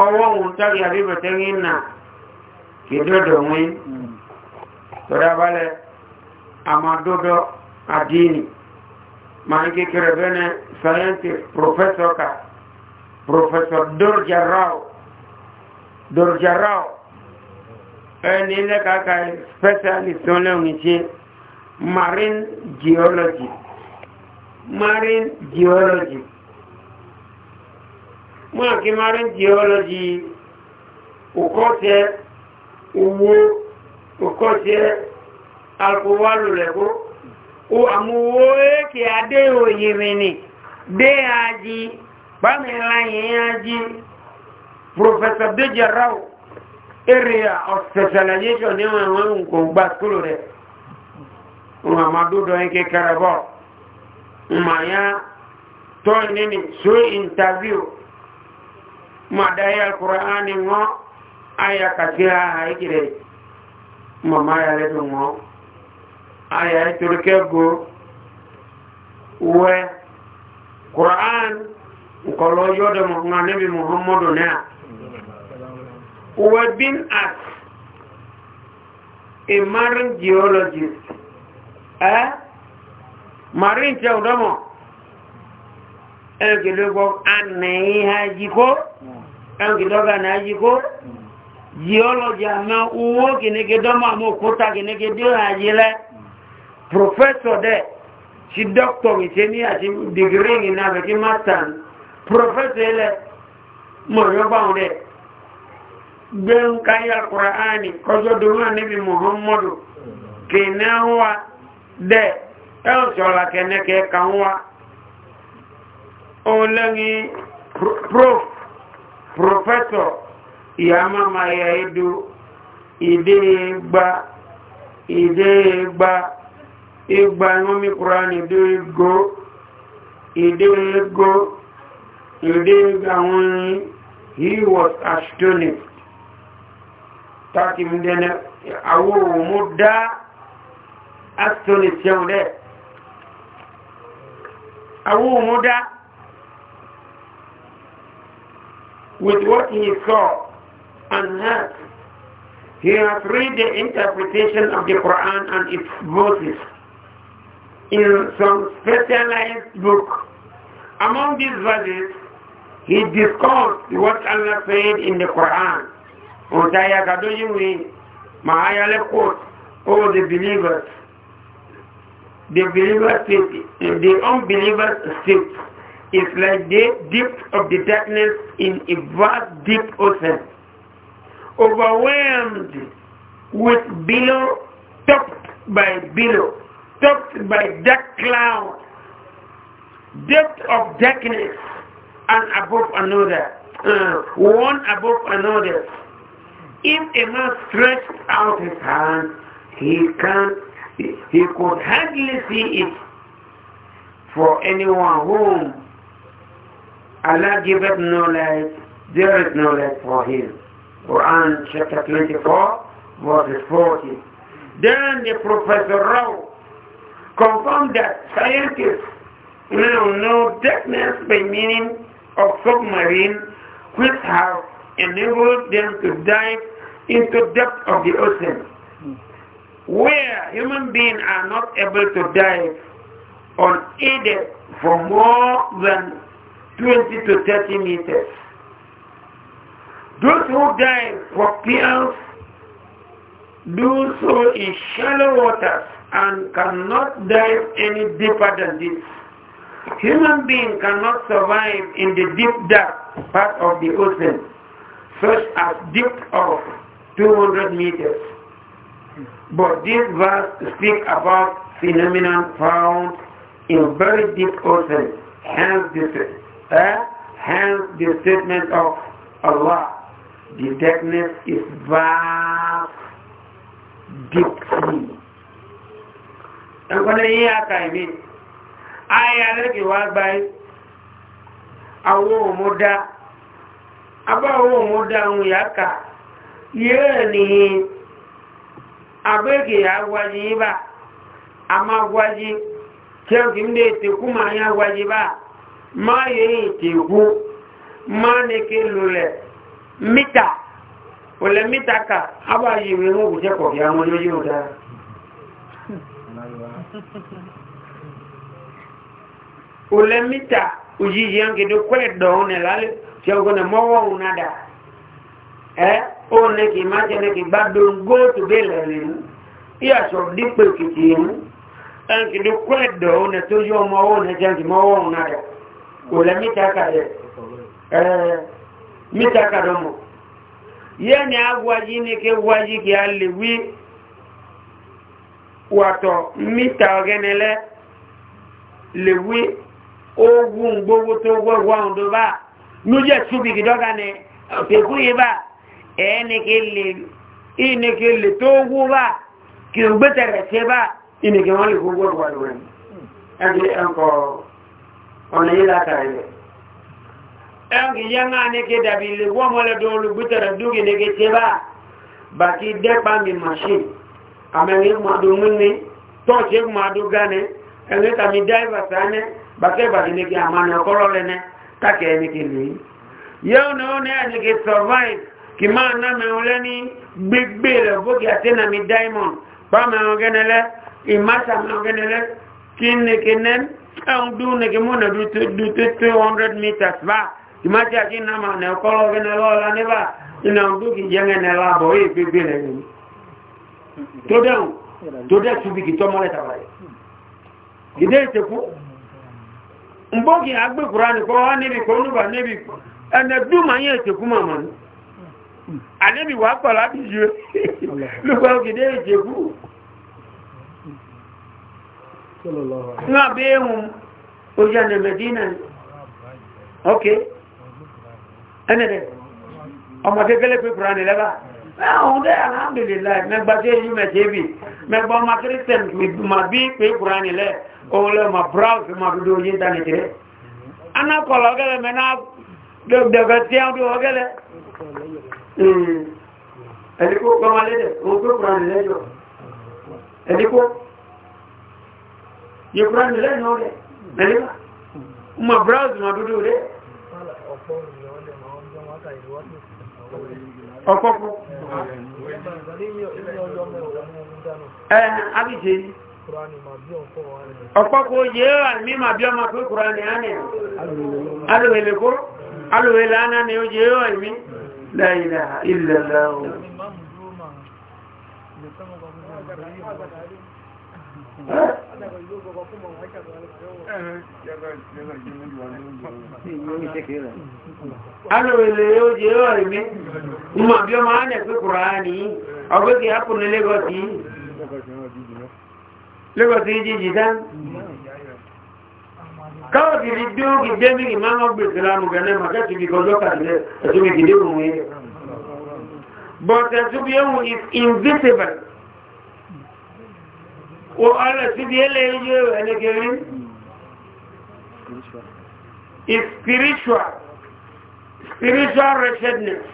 ọwọ́ òun tàbí àbíbẹ̀tẹ́ rí nà kì dọ́dọ̀ wí tọ́dábálẹ̀ àmàdọ́dọ́ àdínì ma ń kékeré bẹ́ẹ̀ sáyẹ́ntì pòfẹ́sọ̀ ká pòfẹ́sọ̀ dọ́rjarrao dọ́rjarrao ẹni lẹ́kàkà specialist lẹ́wọ̀n ṣe marine geology marine geology máa kí máa rí geology òkọ́tẹ́ owó òkọ́tẹ́ alkọwàlù lẹ́kọ́ o àmúwó èkè adé òyìnrìnì dé ají bámẹ́lá yìí ají professor deja rao area of specialization ní wọn wọn kò gbà skúlù rẹ̀ wọn àmàdúdọ ẹ̀kẹ́ kẹrẹbọ̀ màá yá tọ́ ìnínì sí interview madai alkur'ani ngo aya katira haikire mama ya leto ngo aya turkego we qur'an kolo yodo mo nganabi muhammadu na uwe bin as a marine geologist eh marine geologist ẹnukìlógún anẹ̀yìn ajíkó ẹnukìlógún anẹ̀ ajíkó geology àmà owó kìnnìkì dọ́mà mọ́ òkúta kìnnìkì dírò àjílẹ̀ professor dẹ̀ ti doctor ìṣẹ́ ní àti degree ní abẹ́kí master professor ilẹ̀ mọ̀lọ́bà wọn dẹ̀ gbẹ́n káyà kùránì kọjọ́ dùnmọ́ níbi muhammadu kìnnìkì wa dẹ̀ ẹ̀ sọ̀rọ̀ kẹ́nẹ́kẹ́ kan olengi prof professor yama maya edu ide gba ide gba igba ngomi quran ide go ide go ide gawon he was astonished taki mdene awo muda astonished yonde awo muda with what he saw and heard. He has read the interpretation of the Quran and its verses in some specialized book. Among these verses, he discussed what Allah said in the Quran. Ontaya Mahayale quote, all the believers. The believers state, the unbelievers state is like the depth of the darkness in a vast deep ocean, overwhelmed with billow, topped by billow, topped by dark cloud, depth of darkness, and above another, uh, one above another. If a man stretched out his hand, he can he could hardly see it for anyone whom Allah giveth knowledge, there is knowledge for him. Quran chapter 24, verse 40. Then the Professor Rao confirmed that scientists now know darkness by meaning of submarine which have enabled them to dive into depth of the ocean where human beings are not able to dive unaided for more than 20 to 30 meters. Those who dive for pearls do so in shallow waters and cannot dive any deeper than this. Human being cannot survive in the deep dark part of the ocean, such as depth of 200 meters. But this verse speaks about phenomenon found in very deep ocean, hence this Eh? Hence the statement of Allah, the darkness is vast, deep sea. yí àkà ìmí, ayé alẹ́kì wá àwọn abá àwọn ohun abẹ́kì agwájí yí bá, a máa gwájí, kí ọkì ń dé ìtẹ̀kú máa yá gwájí máa yẹ ìtìgbú máa neke kí lulẹ̀ mítà olè mítà ká abáyé ìwé wọn kò jẹ́kọ̀ọ́ kí àwọn olóyè ò dára olè mítà òjijì ànkèdè kọ́lẹ̀ dọ̀ọ́ nẹ̀ lálẹ́ tí a gbọ́nà mọ́wọ́ òun nádà ẹ́ ó ní kì máa jẹ́ ní kì bá dùn góòtù bẹ́ẹ̀lẹ̀ rẹ̀ mú ìyàsọ̀ dípò kìkì mú ànkèdè kọ́lẹ̀ dọ̀ọ́ nẹ̀ tó yọ ọmọ òun nẹ̀ jẹ́ ànkèdè mọ́wọ́ òun nádà wòlẹ̀ mítà kàdọ̀ mọ̀ yẹ́ ni a wájí ní kí wájí kí a lè wí wàtọ̀ mítà ọ̀gẹ́nilẹ́ lè wí ogun gbogbo tó gbogbo àwọn tó bá nújẹ́ túbì kìdọ́gà ní ọ̀tẹ̀kú yìí bá ẹ̀ ní kí lè tó wú bá kí n gbẹ́tẹ̀rẹ̀ ṣe bá ìnìkì wọ́n lè gbogbo ọ̀gbọ̀n ọ̀nà yìí látàrí rẹ̀ ẹ̀rùn kìí yẹ́ máa ní kí dàbí ilé wọ́n mọ́lẹ́dọ̀ olùgbítẹ̀rẹ̀ dúgì ní kí tí bá bá kí dẹ́pa mi machine àmẹ́rin mọ́dún mú ní tọ́ọ̀ṣe mọ́dún gánẹ́ ẹ̀rùn tàbí dáìbà sáánẹ́ bá kẹ́ bàbí ní kí àmà ní ọkọ́rọ́ lẹ́nẹ́ káàkiri ẹni kí nìyí yẹ́wò ní ó ní ẹni kí survive kì máa ná mẹ́rin lẹ́ni gbégbé rẹ̀ fókè àtẹ́nàmí diamond bá mẹ́rin gẹ́nẹ́lẹ́ ìmáṣà mẹ́rin gẹ́nẹ́lẹ́ kí ní kí nẹ́ni ẹ̀hún dún ní kí mú nà dún hundred meters bá ìmájí àti nàmà nà ẹ̀kọ́ lọ́wọ́ ní ọlọ́ọ̀lá níbà ìnà ọdún kì í jẹ́ ẹ̀ nàlá àbọ̀ èyí gbégbé rẹ̀ nìyí tó dẹ̀hùn tó dẹ̀ tún bí kì tọ́ agbe tàbá yẹ. gìdé ìtẹ̀kú mbọ́gì agbẹ́kùrá nìkọ́ wá níbi kọ́ níbà níbi ẹ̀nà dún mà yẹ ni bi ní àbí ehun ojú ẹ̀nà medina ok ẹnẹ̀dẹ̀ ọmọ kékeré pípùrà ní lẹ́bà ẹ̀hùn dẹ́ alhamdulillah mẹ́gbà tí èyí mẹ́tẹ́ bì mẹ́gbà ọmọ kírísẹ̀n ma bí pípùrà ní lẹ́ ohun lẹ́ ma browse ma dúdú ojú ìntánẹ̀tì rẹ̀ anákọ̀lọ̀ ọgẹ́lẹ̀ mẹ́ná dẹ̀gbẹ̀ tí a ń dúró ọgẹ́lẹ̀ ẹ̀díkó pọ́nmọ́lẹ́dẹ̀ ohun pípùrà ní lẹ́jọ́ ẹ̀díkó yẹ kúrò ní lẹ́nu rẹ̀ mẹ́lẹ́wà ọmọ brazil ma dúdú rẹ̀ ọ̀pọ̀pọ̀ ẹ̀hàn abìjẹ́ ni ọ̀pọ̀pọ̀ yẹ́ wà ní ma bí ọmọ pé kúrò ní àná alùwẹ̀lẹ̀kọ́ alùwẹ̀lẹ̀ àná ni ó yẹ́ wà ní láìlà ìlẹ̀lẹ̀ alòrèlè yóò jẹ́ yóò rí mi ìmọ̀ bí ọmọ ánẹ̀ pé kùránì ọgbẹ́kì hapun ní lagosí lagosí jíjì dá káwọ̀tí rí bí ó gìdé mi ìmọ̀ ọgbẹ̀sẹ̀ lánú gẹ̀ẹ́ màkẹ́tì bí gọjọ́ kàdílẹ̀ ẹ̀tún mi gìdé òun yẹ but ẹ̀tún bí ó is invisible o ọ̀rọ̀ síbi eléyìí ẹlẹ́gẹ̀rí is spiritual spiritual wretchedness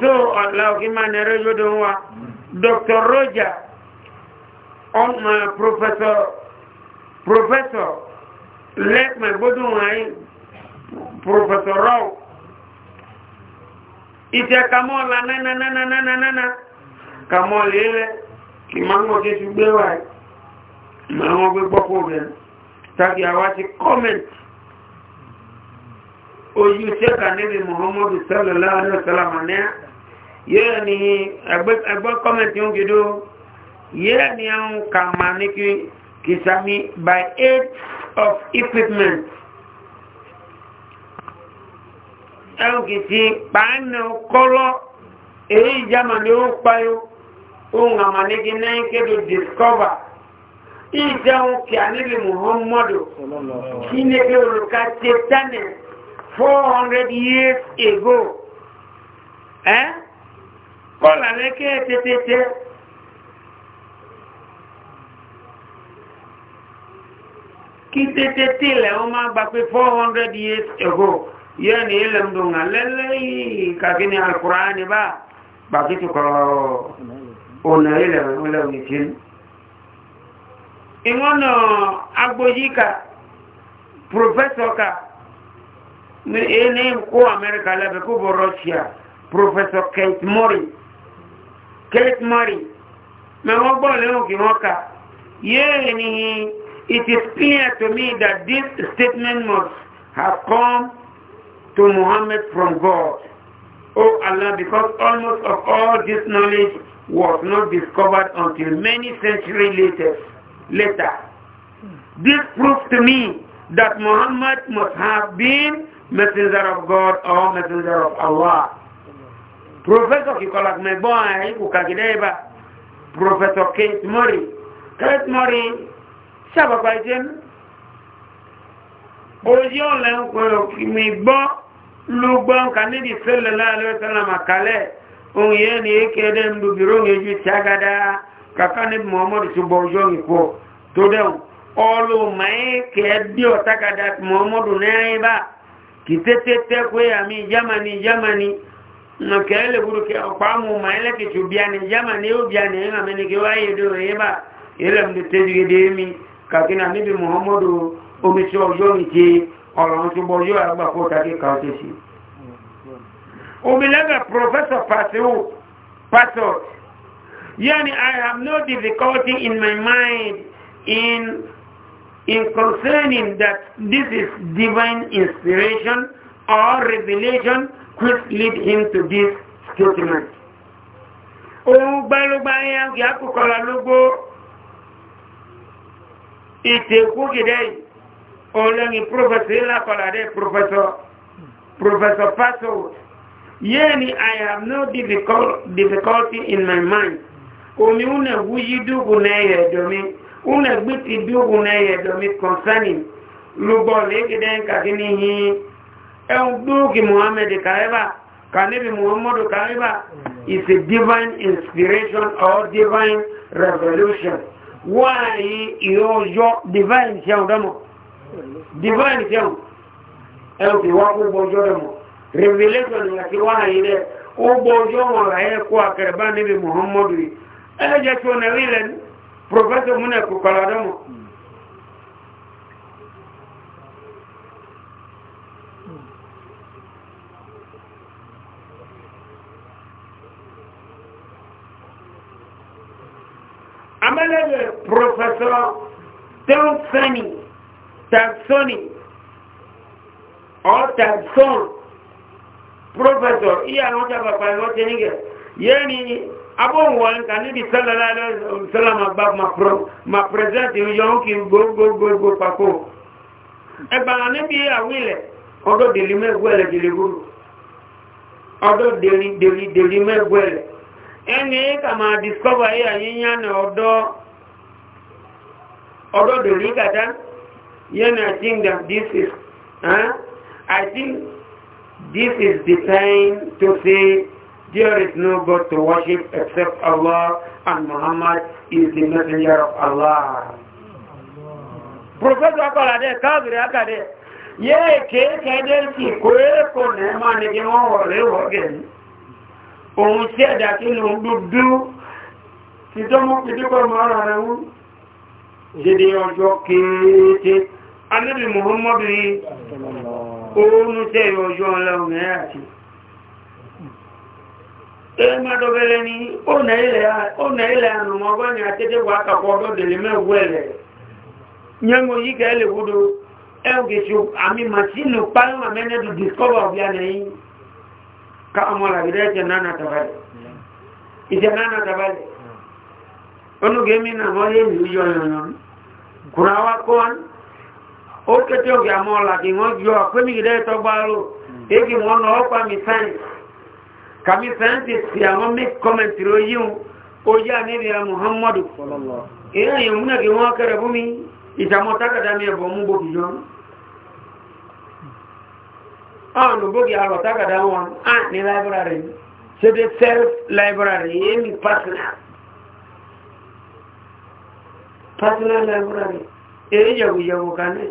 so ọ̀làwọ̀kí máa ní ẹrẹ́jọ́ dùn wa dr roger my professor professor let lẹ́pẹ̀ gbọ́dùn wáyé professor rao na na na na na na na lè rẹ̀ ìmọ̀mọ̀ tí ti gbé wà ìmọ̀mọ̀ gbé gbọ́kọ̀ rẹ̀ tàbí àwá ti comment ojú ṣẹ́kà níbi muhammadu sallallahu alaihi wasallam ní yẹ́ ni ẹgbẹ́ comment yóò gido yẹ́ ni ẹun kàmà ní kìsàmì by aid of equipment ẹun kìsì pàánù kọ́lọ́ èyí jama ni ó payó ungamaniki nenkedu discover ijaun ki anili muhammadu kineke oluka setane 400 years ago eh kola leke tetete kí tetete lẹ wọn máa gba pé 400 years ago yẹn ni ilẹ̀ ń dùn alẹ́lẹ́ yìí kàkí ni alukura ni bá gbàgbé tó kọ́ ọ́ ọ̀nà ilẹ̀ ìwọ̀nlẹ̀ òmìtí ìwọ̀nà agbóyíkà professorka ní kó amẹ́ríkà lẹ́bẹ̀ kó bọ̀ russia professor kate murray kate murray mẹ́wọ́n gbọ́ lẹ́wọ̀n kí wọ́n ka yéè ni it is clear to me that this statement must have come to Muhammad from God. Oh Allah, because almost of all this knowledge was not discovered until many centuries later. later. This proves to me that Muhammad must have been messenger of God or messenger of Allah. Professor Kikolak Meboa Kukakideba, Professor Kate Murray. Kate Murray, Shabakwaiten, Ojion Lenko Mibo, Lugbon Kanidi Sallallahu Alaihi Wasallam Akaleh, onye ya na eke de mdu biro onye ju chagada kaka ni muhammad subo jo ko to de olu mai e ke di otakada muhammad ne ba kitetete kwe ya mi jamani na kele guru ke kwa mu maile ke chubiani jamani ubiani ngame ni ke wayedo do yeba ile mdeteji gedemi kakina ka muhammad omi so jo ni ti ọ̀rọ̀ àgbà umilege professor Pasu, Pastor, Yani I have no difficulty in my mind in in concerning that this is divine inspiration or revelation which lead him to this statement. Ohun gbẹ́lúgbà yẹn kì á kòkọ́ la lógó ìtẹ̀kú kìdẹ́ òun lẹ́yìn prọfẹsọ ìlàkọ̀lá dẹ́ prọfẹsọ pásọ̀wọ̀. yani I have no difficult, difficulty in my mind. Omi una wuyi dugu na ye domi, una gbiti dugu na ye domi concerning. Lugbo lege den ka gini hi. Eun dugi Muhammad kareba, kanibi Muhammadu kareba is a divine inspiration or divine revolution. Why yo yo divine seun damo? Divine seun. Eun ti waku bojo damo revelation nga ti wana ile ubo jomo la ye kwa karba nabi muhammad ele je to na wile professor mune ku kaladamu amele professor Tewsani, Taxoni, or Taxon, prọfẹsọ iye àwọn ọjàgbà pàlẹ́ wọ́n ti ní kẹ yéé ni abóhùnwọ̀n kà níbi sálàlá sálàmà gbà ma pẹ̀sẹ̀ntì yọ̀n kì gbogbogbò pàkó ẹgbàlá níbi àwọn ilẹ̀ ọdọ́ dèlí mẹ́gbẹ̀lẹ̀ dèlí gbòòrò deli deli dèlí dèlí mẹ́gbẹ̀lẹ̀ ẹni kà máa discover yìí àyíyàn ọdọ́ ọdọ́ deli kàtá yẹn ni i think that this is huh? i think This is the time to say there is no God to worship except Allah and Muhammad is the messenger of Allah. Professor Akalade, Kagri Akade, ye ke kede ki kwe ko ne ki won ore wogen. Ohun tí ẹ̀dà kí ló ń dúdú, ti tó mú kìdí kọ́ mọ́ ara rẹ̀ oòrùn tẹ́ ọjọ́ ọlọ́run ẹ̀ àti ẹgbẹ́dọ̀bẹ̀lẹ̀ ni ó nà ilẹ̀ ànùmọ́gbọ́n ni àtẹ́tẹ́ wà kàkọ́ ọdọ́dẹ̀lẹ̀ mẹ́wẹ́lẹ̀ yẹngo yí kẹ́ lè wúdo ẹgbẹ̀ṣù àmì màṣínù pálọ́mà mẹ́nẹ́dù discover of yà nẹ́yìn ká ọmọ làgídẹ́ ìtẹ̀ nánà tàbálẹ̀ onúgẹ́mí náà wọ́n lè ní ìyọ̀ yọ̀yọ̀ kùnà wá kọ́ ó kété ògì àmọ́ ọ̀làdì wọ́n ju ọ̀pẹ́mì ìdẹ́ ìtọ́gbà lò égi wọn lọ ọ́pá mi sáyẹ̀nsì kàmi sáyẹ̀nsì sí àwọn mí kọ́mẹ̀ntì ló yí wọn ó yí àníbìyà muhammadu èèyàn yẹn múnà kí wọ́n kẹrẹ fún mi ìtàmọ́ kada mi ẹ̀bọ̀ mú bòkì jọ ọ̀nà bòkì àrọ̀ tákàdá wọn á ní láìbírarì ṣe dé self library yẹn e mi personal personal library èèyàn e, e, yẹ̀wò yẹ̀wò kan náà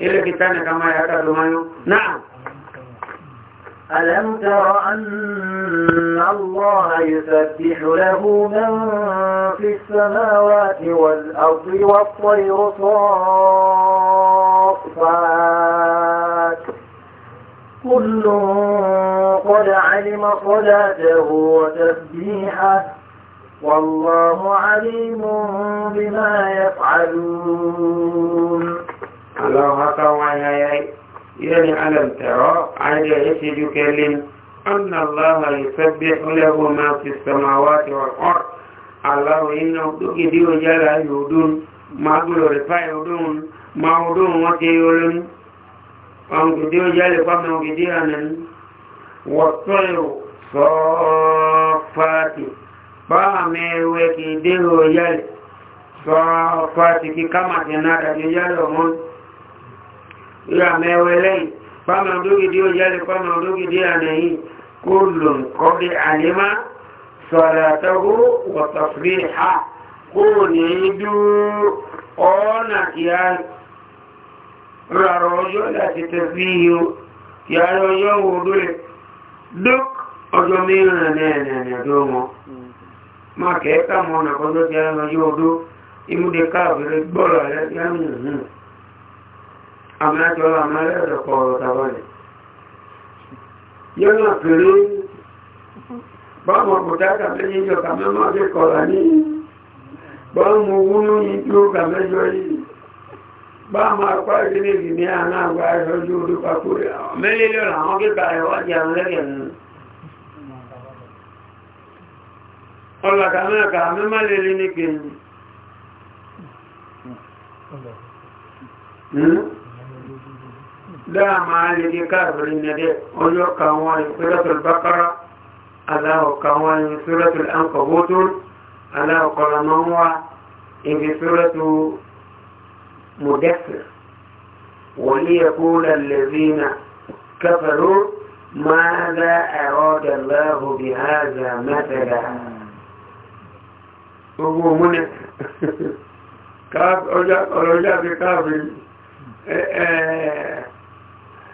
إلا كتانا كما يعتقد ما نعم ألم تر أن الله يسبح له من في السماوات والأرض والطير صافات كل قد علم صلاته وتسبيحه والله عليم بما يفعلون الله تعالى يعني ألم ترى عند يسجد أن الله يسبح له ما في السماوات والأرض الله إن إنه دقدي وجل يودون ما قلوا رفع يودون ما ودون وكيولون أنقدي وجل قمنا وقدي صفات والطير صافات فامي وكيدي وجل صافات كما تنادى يجل ومن ya mewelei kama ndugu ndio yale kama ndugu ndio anai kullu qadi alima salatuhu wa tafriha kunidu ona ya raro yo la kitabiyo ya yo yo udure duk ojomiyo na ne ne ne domo ma ke ta mona kondo ya yo du imu de ka bere bola ya ya ni amájọ́lá amálẹ́rẹ̀kọ́ ọ̀rọ̀ tàbálẹ̀ yọ́nà pèrè bọ́mọ̀ bùkátà lẹ́yìn ìjọ kàmẹ́mọ́ sí kọ̀ọ̀lá ní bọ́mọ̀ wúnú yìí tí ó kàmẹ́jọ yìí bọ́mọ̀ apá ìdílé ní àná àgbà ìrọ́jú orí pàkúrẹ́ mẹ́lẹ́lẹ́ làwọn kíkà ìwádìí àwọn lẹ́gẹ̀ẹ́ nù ọlọ́ kàmẹ́kà mẹ́mọ́ lẹ́lẹ́ ní kèyìn لا معالي دي كافرين دي ويو كواني سورة البقرة الله كواني سورة الأنقبوت الله قرموا إن سورة مدفر وليقول الذين كفروا ماذا أراد الله بهذا مثلا وهو منع كاف أولا أولا بكافر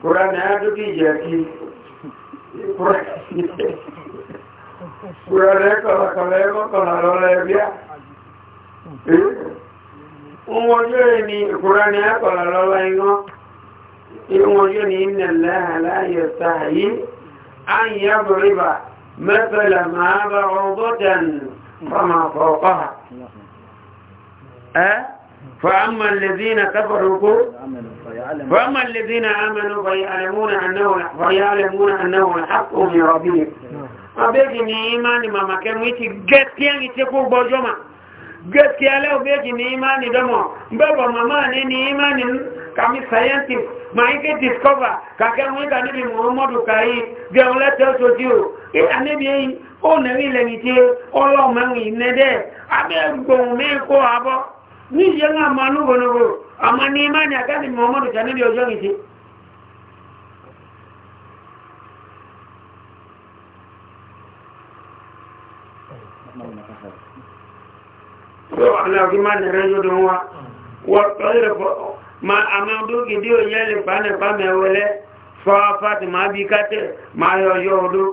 Kurang ada di jadi. Kurang. Kurang kalau kalau kalau lebih. Umojo ni Kurang ya kalau lainnya. Eh, Umojo ni Inna Allah la yastahi an yadriba مثل ما بعوضة فما فوقها فأما الذين كفروا فأما الذين آمنوا فيعلمون أنه فيعلمون أنه الحق من ربهم أبيك من إيمان ما مكان ويتي جتيان يتكو بوجوما gaskiya lau beji ni imani damo mbaba mama ne ni imani kami scientist ma ike discover kake mwika nibi muhammadu kai geulete oto jiu e anibi eyi o neri lenite olo mengi nede abe gbohun ní ìyẹ́lá àmà lúgbọ̀nàwò àmà ní imá ni àgáàdì mọ̀mọ́dù jànílì ọjọ́ ìdí tó aláàkí má nẹ̀rẹ́ yóò wa ma àmà ọdún ìdí òyẹ́lẹ̀ pàánẹ̀pá mẹ́wẹ́lẹ́ fọ́fàtí máa bí kátẹ̀ máa yọ yọ ọdún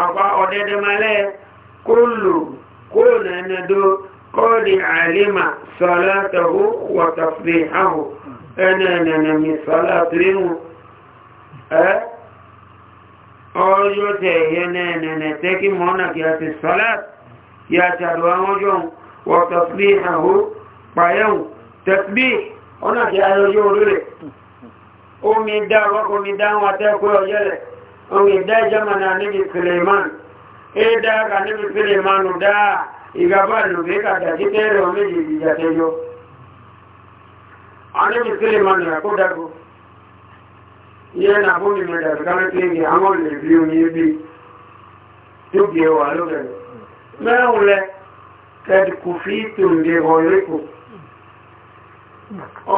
àwọn ọdẹ́dẹ́mẹ́lẹ́ kó lò kó nẹ́ẹ̀nẹ́dọ́ قد علم صلاته وتصبيحه أنا ننمي صلاة ريمو ọjọ́ tẹ̀ yẹnẹ̀ẹ̀nẹ̀ tẹ́ kí mọ́nà kí a ti sọ́lát kí a ṣàdọ̀ àwọn ọjọ́ wọ́tọ̀ sí àwọ́ pàyẹ̀wò tẹ̀sbí ọ̀nà kí a yọjọ́ orílẹ̀ omi dá wọ́kọmi dáwọn atẹ́kọ́ ọjẹ́lẹ̀ omi dá ìjọ́mọ̀ ìgbàgbà lògbé kàtàkì tẹ́rẹ oméjì ìjàtẹjọ anẹ́bìsílẹ̀ mọ́nà àkódàgbò yẹ́ na bóni mẹ́ta ìgbàmẹ́tẹ́gì àwọn olèrìbí oní ebí tó bí ẹwà lóbẹ̀rẹ̀ mẹ́rùnlẹ̀ kẹ́dùkù fi tòǹdè ọ̀rẹ́kù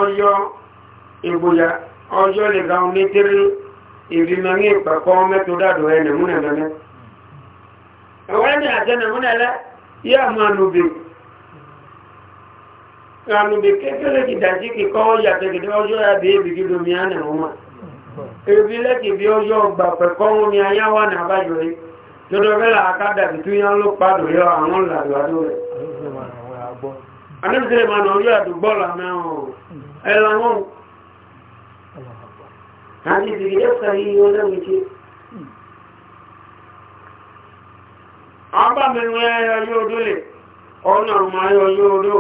ọjọ́ ìgbòyà ọjọ́ lè ga omi tẹ́rẹ ìrìnàmí ìpàkọ́ mẹ́tọ́dàdọ̀ ẹnẹ̀múnẹ̀mẹ́lẹ́ yá máa lò bèrè kànùbè kékeré kìdàjí kìkọ́ yàtẹ̀kìdẹ́ ọjọ́ àbí ìbìgì domi ánà ọmọ ebi lẹ́kì bí ọjọ́ ọgbà pẹ̀kọ́ wọn ni ayá wà ní àbájọ rí tọ́dọ̀ fẹ́lá akádà títú yá ló padò yọ àwọn làlúwàdó rẹ̀ anẹ́bìtẹ́lẹ̀ ma nà ọjọ́ àdúgbọ́ làmẹ́ ọ̀rọ̀ ẹ̀lànà agbábẹ̀rún ẹyọ yóò dólè ọ̀nà ọmọ ayọ ọjọọ dó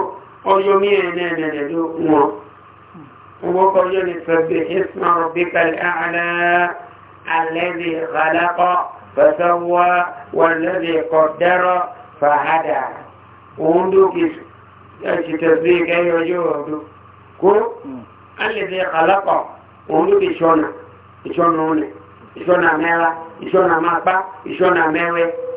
ọyọ mí ẹ̀nẹ́ ẹ̀nẹ́ ìṣọ́nà ìṣọ́nà mápá ìṣọ́nà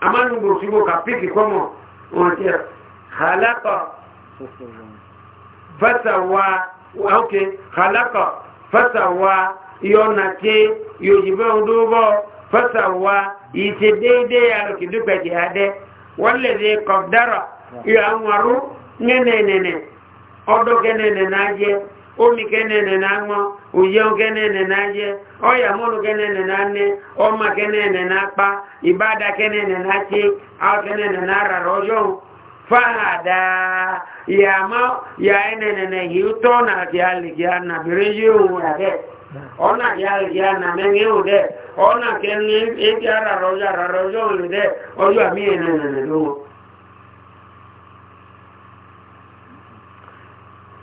amanu burukibo kapiki komo unatira khalaqa fasawa okay khalaqa fasawa yona ke yojibe udubo fasawa ite deide ya kidupe jihade walladhi qaddara ya amaru nene nene odo nene naje oni kenene nanwa uyo kenene naje oya munu kenene nane oma kenene napa ibada kenene nachi au kenene nara rojo fahada ya ma ya enene ne hiuto na kiali kiana biriju uwe ona kiali kiana mengi ude ona kenene eki e ara rojo ara rojo ude oyu ami enene ne lugo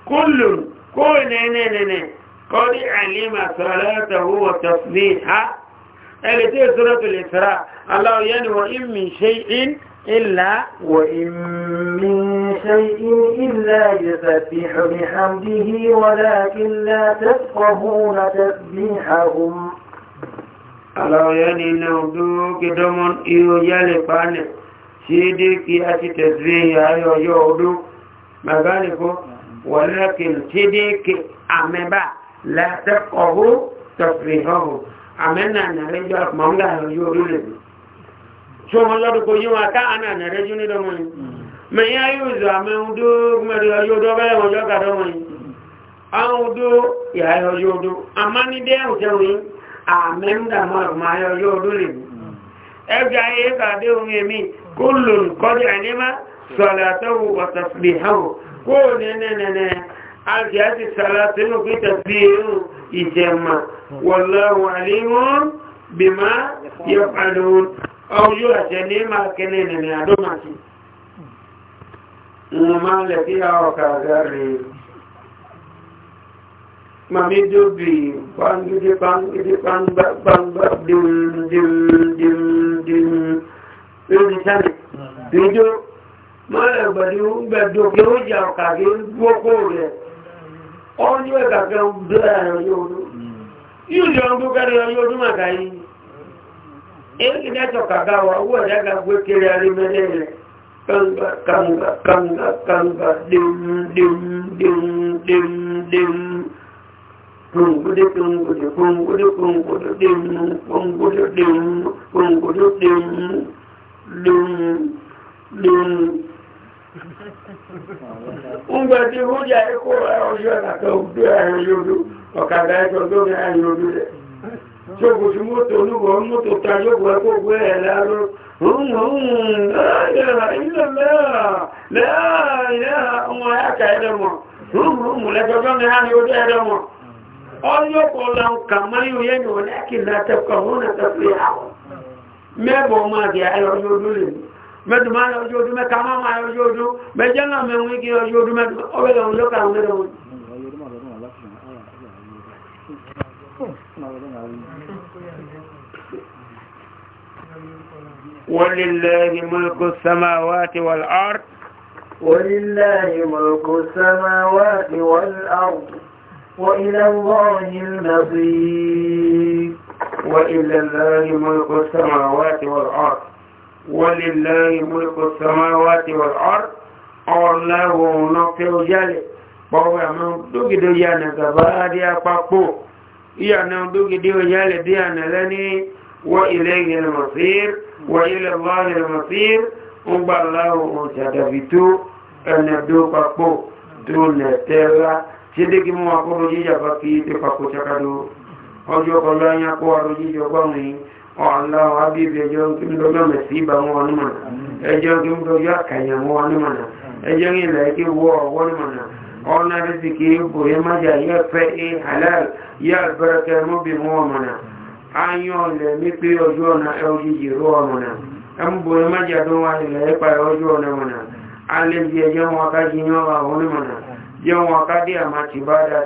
kullu قول نينينيني قد علم صلاته وتصليحه اللي تي سورة الإسراء الله يعني وإن من شيء إلا وإن من شيء إلا يسبح بحمده ولكن لا تفقهون تسبيحهم الله يعني إنه نودو كدومون إيو يالي فاني سيدي كي أتي تسبيح أيو يو ما مغاني فو ولكن تديك أمبا لا تفقه تصريحه أمنا نرجع مانغا يوريلي شو مالله كو يوا أنا نرجع ندمني ما يعيوز أمودو ما يودو بلا وجا كدمني أودو يا يودو أماني دي وتوين أمنا ما ما يودو لي أرجع إيه كده ومي كل قد علم صلاته وتسبيحه kó nẹ́nẹ́nẹ́nẹ́ alìyàtì sàlá sínú pítà sí irú ìjẹmà wọ̀lọ́wọ̀ alìmọ́n bí má yẹ pàdún ọjọ́ àṣẹ ní máa kẹ́lẹ̀ nẹ̀nẹ̀ àdọ́màtí mo máa ń lẹ̀ sí ọkà gáre mami pangidi pangidi pangba pangba dim dim dim dim lórí sáré dídó mọ́lẹ̀ ìgbẹ̀dì ń gbẹ̀dọ̀ kí ó jà ọ̀kà kí ó gbókó rẹ̀ ó ní ẹ̀kà kẹ́ bẹ́ẹ̀ ẹ̀yọ́ ọdún yóò jọ ń gbókó rẹ̀ ẹ̀yọ́ ọdún màkà yìí èyí kì náà tọ̀kà owó ẹ̀dá ga arí mẹ́lẹ̀ rẹ̀ kanga kanga kanga kanga dèm dèm dèm dèm dèm kòǹgódé kòǹgódé kòǹgódé kòǹgódé dèm kòǹgódé dèm kòǹgódé dèm dèm dèm. Ńgbà tí hújà ikú ọjọ́ àtàkà òdó ẹ̀rọ yóò ọ̀kadà ẹjọ́ tó ní ẹ̀rọ yóò rẹ̀. Tí ó kò sí mọ́tò olúgbọ̀ mọ́tò ta yóò gbọ́ ẹkọ́ gbé ẹ̀ láró. Mẹ́bọ̀ máa jẹ́ ayọ́ yóò lórí mẹ́dùnmá ọjọ́ ọdún mẹ́ta máa máa ọjọ́ ọdún mẹ́jẹ́ náà mẹ́rin kí ọjọ́ ọdún mẹ́ta ọwẹ́lẹ̀ òun lọ́kà àwọn mẹ́rin ولله ملك السماوات والأرض ولله ملك السماوات والأرض وإلى الله المصير وإلى الله ملك السماوات والأرض ولله ملك السماوات والأرض الله ونقل جل بابا من دوغي دو يانا كبادي أبابو يانا دوغي دو جل ديانا لني وإليه المصير وإلى الله المصير أبا الله وشدفتو أن دو بابو دون تيرا sídéki mú akọ́rọ̀ jíjà bá fi ìdí papò ṣakadó ọjọ́ kọlọ́ yẹn kó àrò jíjọ gbọ́nrin Allah wa bi bi ejo ki mi dojo mesiba won ni mana ejo ki mi dojo akanya won ni mana ejo ni le ki wo won ni mana ona riziki bo ye ma halal ya baraka mu bi mo mana anyo le mi pe ojo na e oji jiro mana am bo ye ma ja do wa ojo na mana ale bi ejo wa ka jinyo wa won ni mana yo wa ka di ama tibada